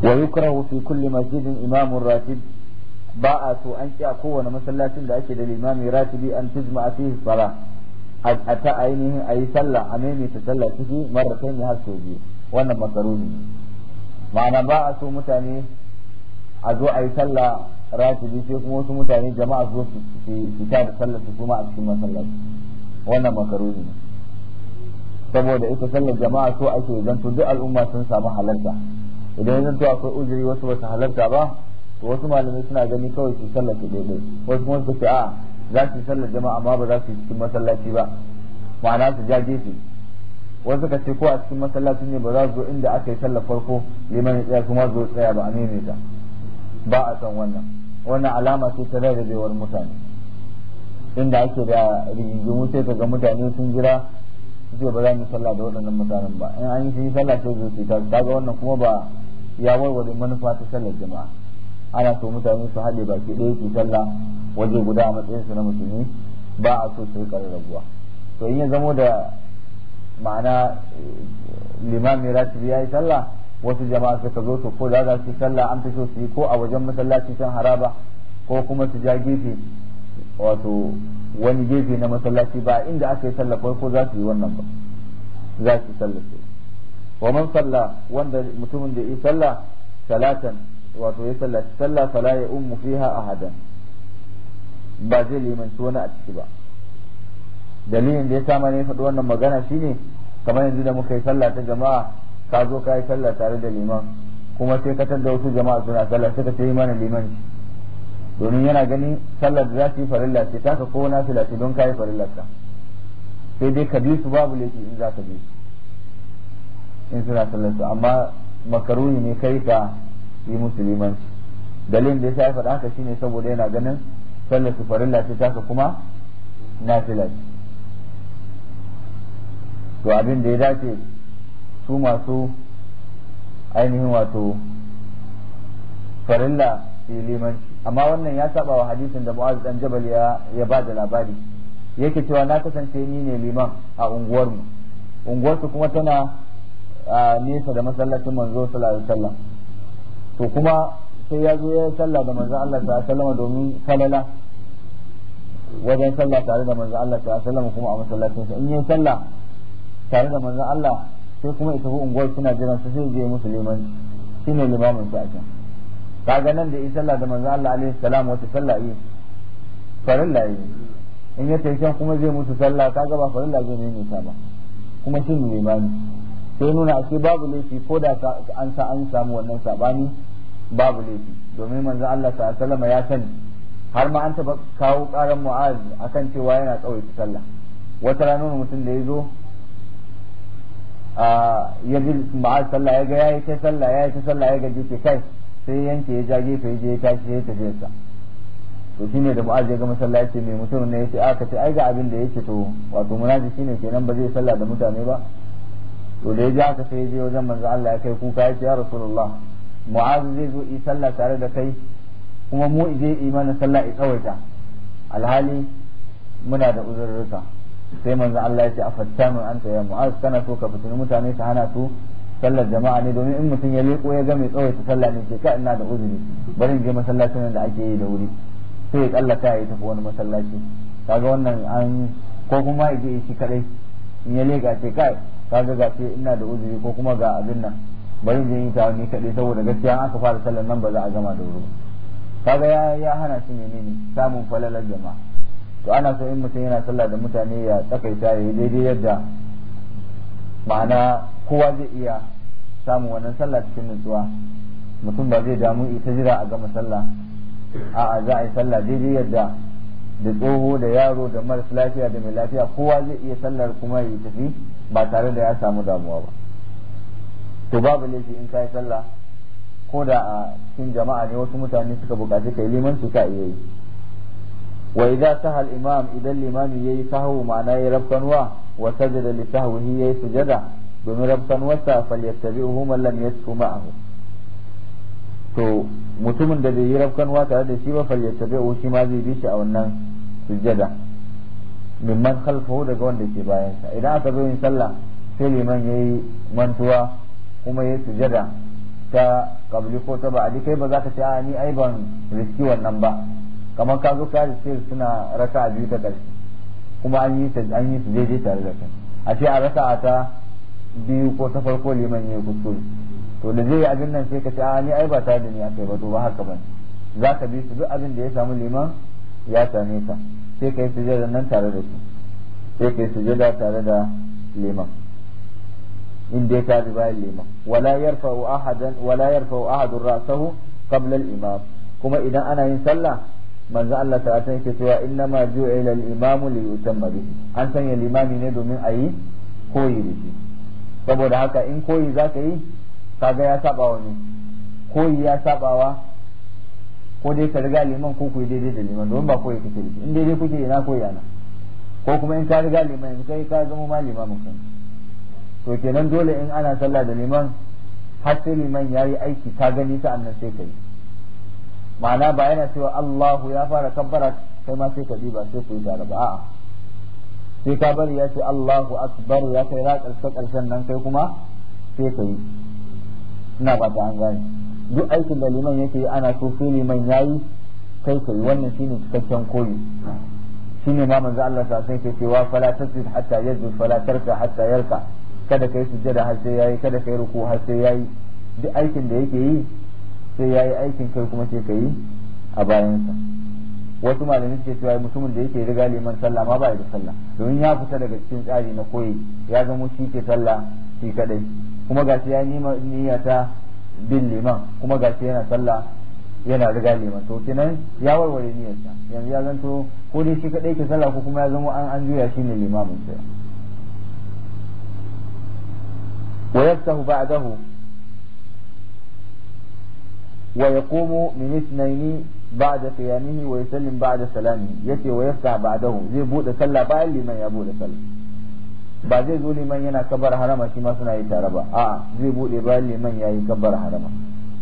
ويكره في كل مسجد إمام راتب ba a so an ƙi a kowane masallacin da ake da limami ratibi an a fihi sala a ta ainihin a yi sallah a maimaita sallah ciki marrakai ne har sau biyu wannan ne ma'ana ba a so mutane a zo a yi sallah ratibi sai kuma wasu mutane jama'a zo su fita da sallar su kuma a cikin masallaci wannan makaruni ne saboda ita sallar jama'a so ake zanto duk al'umma sun samu halarta idan ya zanto akwai ujiri wasu ba su halarta ba wasu malamai suna gani kawai su sallar ta daidai wasu kuma suka ce a za su sallar jama'a amma ba za su yi cikin masallaci ba ma'ana su ja su wasu ka ce ko a cikin masallaci ne ba za su zo inda aka yi sallar farko liman ya tsaya kuma zo tsaya ba a ta ba a san wannan wannan alama ce ta rarrabewar mutane inda ake da rigingimu sai ka ga mutane sun jira ce ba za mu sallah da waɗannan mutanen ba in an yi sun yi sallah sai zo su ta ga wannan kuma ba ya warware manufa ta sallar jama'a ana so mutane su haɗe baki ɗaya su sallah waje guda a matsayin su na musulmi ba a so su yi rabuwa to in ya zamo da ma'ana eh, limami ratibi ya yi sallah wasu jama'a suka zo to ko da za su sallah an fi so su yi ko a wajen masallacin can haraba ko kuma su ja gefe wato wani gefe na masallaci ba inda aka yi sallah ko za su yi wannan ba za su sallah wa man sallah wanda mutumin da yi sallah salatan wato ya sallaci sallah fala ya ummu fiha ahadan ba zai limanci wani a ciki ba dalilin da ya sa ne faɗi wannan magana shine kamar yanzu da muka yi sallah ta jama'a ka zo ka yi sallah tare da liman kuma sai ka tanda wasu jama'a suna sallah sai ka yi mana limanci domin yana gani sallar da za su yi farilla ce ka ko na fila ce don ka yi farillar ka sai dai ka bi su babu laifi in za ka bi su in suna sallar su amma makaruni ne kai ka yi musu limanci dalilin da sa ya faɗa haka shine saboda yana ganin sallar su lafi ce ka kuma nafila to abin da ya dace su masu ainihin wato farilla su limanci amma wannan ya saba wa hadisin da mu'az dan jabal ya ya ba da labari yake cewa na kasance ni ne liman a unguwarmu unguwarsu kuma tana nesa da masallacin manzo sallallahu alaihi wasallam to kuma sai ya zo ya yi sallah da manzo Allah ta sallama domin salala wajen sallah tare da manzo Allah ta sallama kuma a masallacin sa in yi sallah tare da manzo Allah sai kuma ita unguwar suna jiran su sai je musu liman shine limamin su a can kaga nan da yi sallah da manzo Allah alaihi salam wata sallah yi farilla yi in ya tafi can kuma zai musu sallah kaga ba farilla zai ne ta ba kuma shine limami sai nuna ake babu laifi ko da an sa an samu wannan sabani babu laifi domin manzo Allah sallallahu ya sani har ma an taba kawo karan mu'az akan cewa yana tsawaita sallah wata rana mutum da ya zo ya ji mu'az sallah ya ga yi ta sallah ya yi ta sallah ya ga jike kai sai yanke ya ja gefe ya je ya tashi ya tafi sa to shine da mu'az ya ga masallaci mai mutum ne ya ce aka ce ai ga abin da yake to wato munaji shine kenan ba zai sallah da mutane ba to da ya ji aka sai ya je wajen manzo Allah ya kai kuka ya ce ya rasulullah mu'azu zai zo yi sallah tare da kai kuma mu zai yi mana sallah ya tsawaita alhali muna da uzurruka sai manzo Allah ya ce a fattanu anta ya mu'az kana so ka fitini mutane su hana su sallar jama'a ne domin in mutum ya leko ya ga mai tsawaita sallah ne ke ka ina da uzuri bari in je masallacin da ake yi da wuri sai ya tsallaka ya tafi wani masallaci kaga wannan an ko kuma ya je shi kadai in ya leka ce kai kaga ga ce ina da uzuri ko kuma ga abin nan bari zai yi ta ni kaɗai saboda gaskiya aka fara sallar nan ba za a gama da wuri kaga ya ya hana shi ne ne samun falalar jama'a to ana so in mutum yana sallah da mutane ya tsakaita ya yi daidai yadda ma'ana kowa zai iya samun wannan sallah cikin nutsuwa mutum ba zai damu ita jira a gama sallah a'a za a yi sallah daidai yadda da tsoho da yaro da maras lafiya da mai lafiya kowa zai iya sallar kuma ya tafi ba tare da ya samu damuwa ba to babu laifi in kai sallah ko da a cikin jama'a ne wasu mutane suka bukaci kai liman su ka iya yi wa idza sahal imam idan limami yayi sahu ma'ana yayi rabbanwa wa sajada li sahwihi yayi sujada domin fal yattabi'uhu man lam yasku ma'ahu to mutumin da bai yi rabbanwa tare da shi ba yattabi'uhu shi ma zai bi shi a wannan sujada mimman khalfahu daga wanda ke bayansa idan aka zo sallah sai liman yayi mantuwa kuma ya sujada ta kabli ko ta ba kai ba za ka ce a ni ai ban riski wannan ba kamar ka zo ka riske suna raka biyu ta ƙarshe kuma an yi an yi su daidai tare da kai a ce a raka ta biyu ko ta farko liman ya kuskure to da zai yi abin nan sai ka ce a ni ai ba tare da ni akai ba to ba haka ne za ka bi su duk abin da ya samu liman ya same ka sai ka yi sujada nan tare da su sai ka yi sujada tare da liman in dai ta bi liman wala yarfa'u ahadan wala yarfa'u ahadun ra'sahu qabla al-imam kuma idan ana yin sallah manzo Allah ta san yake cewa inna ma ju'ila al-imamu li yutamma bihi an sanya limami ne domin a yi koyi da shi saboda haka in koyi zaka yi kaga ya saba wa ne koyi ya sabawa ko dai ka riga liman ko kuyi daidai da liman domin ba koyi kake da shi in daidai kuke ina koyi ana ko kuma in ka riga liman yanzu kai ka zama ma limamin kanka to kenan dole in ana sallah da liman har sai liman yi aiki ka gani sa'annan sai kai ma'ana ba yana cewa Allahu ya fara kabbara kai ma sai ka bi ba sai ku yi tare ba a'a sai ka bari ya ce Allahu akbar ya kai ra karshe karshen nan kai kuma sai ka yi ina ba ta an gane duk aikin da liman yake ana so sai liman yi kai ka yi wannan shine cikakken koyi shine ma manzo Allah sa sai ke cewa fala tasjud hatta yajud fala tarka hatta yarka kada kai sujjada har sai yayi kada kai ruku har sai yayi duk aikin da yake yi sai yayi aikin kai kuma sai kai a bayansa wasu malamai ke cewa mutumin da yake riga liman sallah ma ba da sallah domin ya fita daga cikin tsari na koyi ya zama shi ke sallah shi kadai kuma gashi ya nima niyya ta bin liman kuma gashi yana sallah yana riga liman to kenan ya warware niyyarsa yanzu ya zanto ko dai shi kadai ke sallah ko kuma ya zama an an juya shi ne limamin sai ويفتح بعده ويقوم من اثنين بعد قيامه ويسلم بعد سلامه يتي ويفتح بعده زي بود صلى باي لمن يا بود صلى ba zai zo liman yana kabar harama shi ma suna yi tare ba a zai bude bayan liman ya yi kabar harama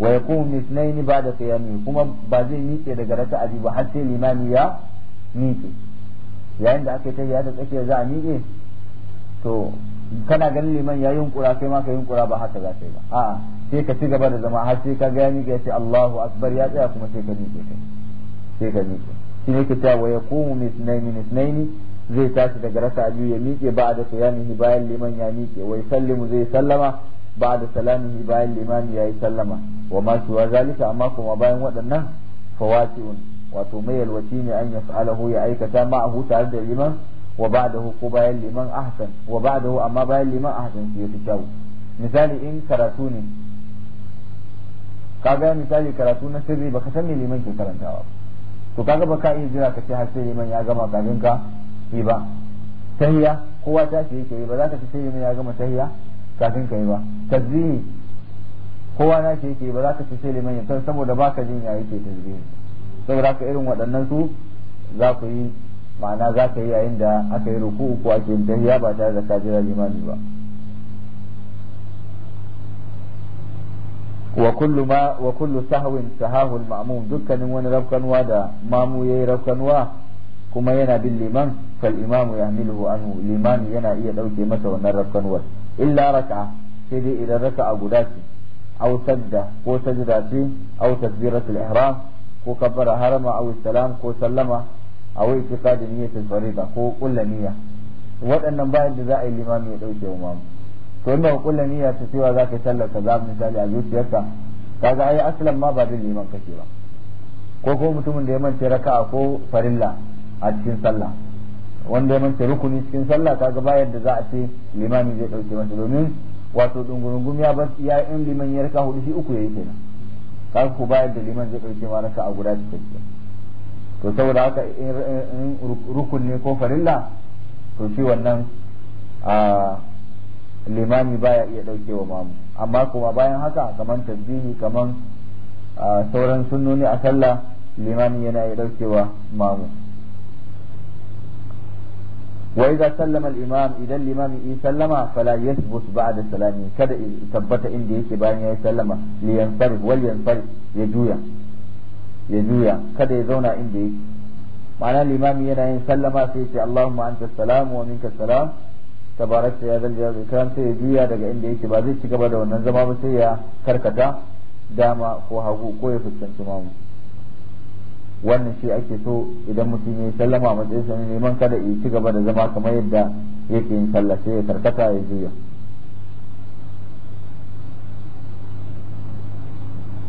wa ya kuma misnaini ba da qiyami kuma ba zai miƙe daga raka'a biyu ba har sai Limani ya miƙe yayin da aka yi ta tsakiya za a miƙe to kana ganin liman ya yunkura kai ma ka yunkura ba haka za ka ba a'a sai ka ci gaba da zama har sai ka ga ya miƙe sai Allahu akbar ya tsaya kuma sai ka miƙe kai sai ka miƙe shi ne ka cewa wa yaqumu min ithnaini min zai tashi daga rasa biyu ya miƙe ba da qiyamihi bayan liman ya miƙe wai sallimu zai sallama ba da salamihi bayan liman ya yi sallama wa ma shiwa zalika amma kuma bayan waɗannan fawati'un wato mai alwaci ne an alahu ya aikata ma'ahu tare da liman wa ba'dahu ko bayan liman ahsan wa ba'dahu amma bayan liman ahsan shi yafi kyau misali in karatu ne kaga misali karatu na sirri baka san me liman ke karantawa to kaga baka iya jira ka ce har sai liman ya gama kafin ka yi ba tahiya kowa ta ce yake yi ba za ka ce sai liman ya gama tahiya kafin ka yi ba tasbihi kowa na ce yake ba za ka ce sai liman ya saboda baka jin ya yake tasbihi saboda ka irin waɗannan su za ku yi ma'ana za ka yi yayin da aka yi ruku ko ake yin tahiya ba tare da ka jira limami ba wa kullu ma wa kullu sahwin sahahul ma'mum dukkanin wani rafkanwa da mamu yayi rafkanwa kuma yana bin liman fal imamu yahmiluhu anhu liman yana iya dauke masa wannan rafkanwar illa raka'a sai dai idan a guda ce aw sadda ko sajda ce aw takbiratul ihram ko kabbara harama aw salam ko sallama a wai aw i'tiqad niyyatin farida ko kullu niyya waɗannan bayan da za a yi limami ya dauke wa mamu to inda kullu niyya ta cewa zaka yi sallar mu misali a zuciyarka kaga ai aslan ma ba bin liman kake ba ko ko mutumin da ya manta raka'a ko farilla a cikin sallah wanda ya mance rukuni cikin sallah kaga bayan da za a ce limami zai dauke masa domin wato dungurungun ya bar ya in liman ya raka hudu shi uku yayi kenan kaga ku bayar da liman zai dauke ma raka'a guda cikin to saboda haka in rukun ne ko farilla to shi wannan a limami baya iya dauke wa mamu amma kuma bayan haka kamar tasbihi kaman sauran sunnoni a sallah limami yana iya dauke wa mamu wai za sallama al-imam idan limami ya sallama fala yathbut ba'da salami kada tabbata inda yake bayan ya sallama li yanfarid wal yanfarid ya juya ya juya kada ya zauna inda yake ma'ana limami yana yin sallama sai ce Allahumma anta salamu wa minka salam tabarakta ya zal jalal sai ya juya daga inda yake ba zai ci gaba da wannan zama ba sai ya karkata dama ko hagu ko ya fuskanci mamu wannan shi ake so idan mutum ya yi sallama a matsayin sa neman kada ya ci gaba da zama kamar yadda yake yin sallah sai ya karkata ya juya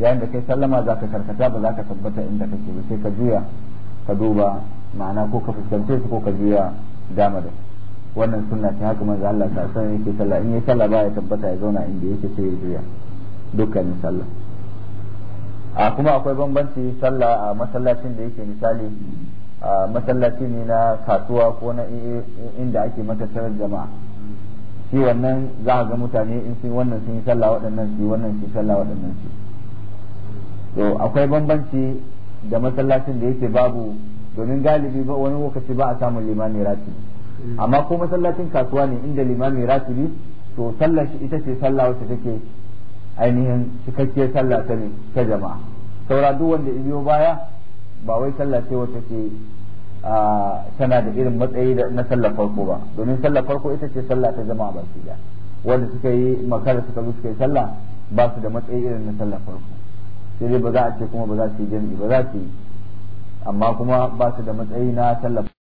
yayin da kai sallama za ka karkata ba za ka tabbata inda kake ba sai ka juya ka duba ma'ana ko ka fuskance su ko ka juya dama da wannan sunna ta haka manzo Allah ta san yake sallah in yayi sallah ba ya tabbata ya zauna inda yake sai ya juya dukkanin sallah a kuma akwai bambanci sallah a masallacin da yake misali a masallaci ne na kasuwa ko na inda ake matattarar jama'a shi wannan za a ga mutane in sun wannan sun yi sallah waɗannan su yi wannan su yi sallah waɗannan su to akwai bambanci da masallacin da yake babu domin galibi ba wani lokaci ba a samun limami ratibi amma ko masallacin kasuwa ne inda limami ratibi to sallar shi ita ce sallah wacce take ainihin cikakkiyar sallah ta ne ta jama'a saura duk wanda biyo baya ba wai sallah ce wacce ke tana da irin matsayi na sallar farko ba domin sallar farko ita ce sallah ta jama'a ba su wanda suka yi makarar suka zo suka yi sallah ba su da matsayi irin na sallar farko sai dai ba za a ce kuma ba za su yi jami'i ba za su yi amma kuma ba su da matsayi na tallafa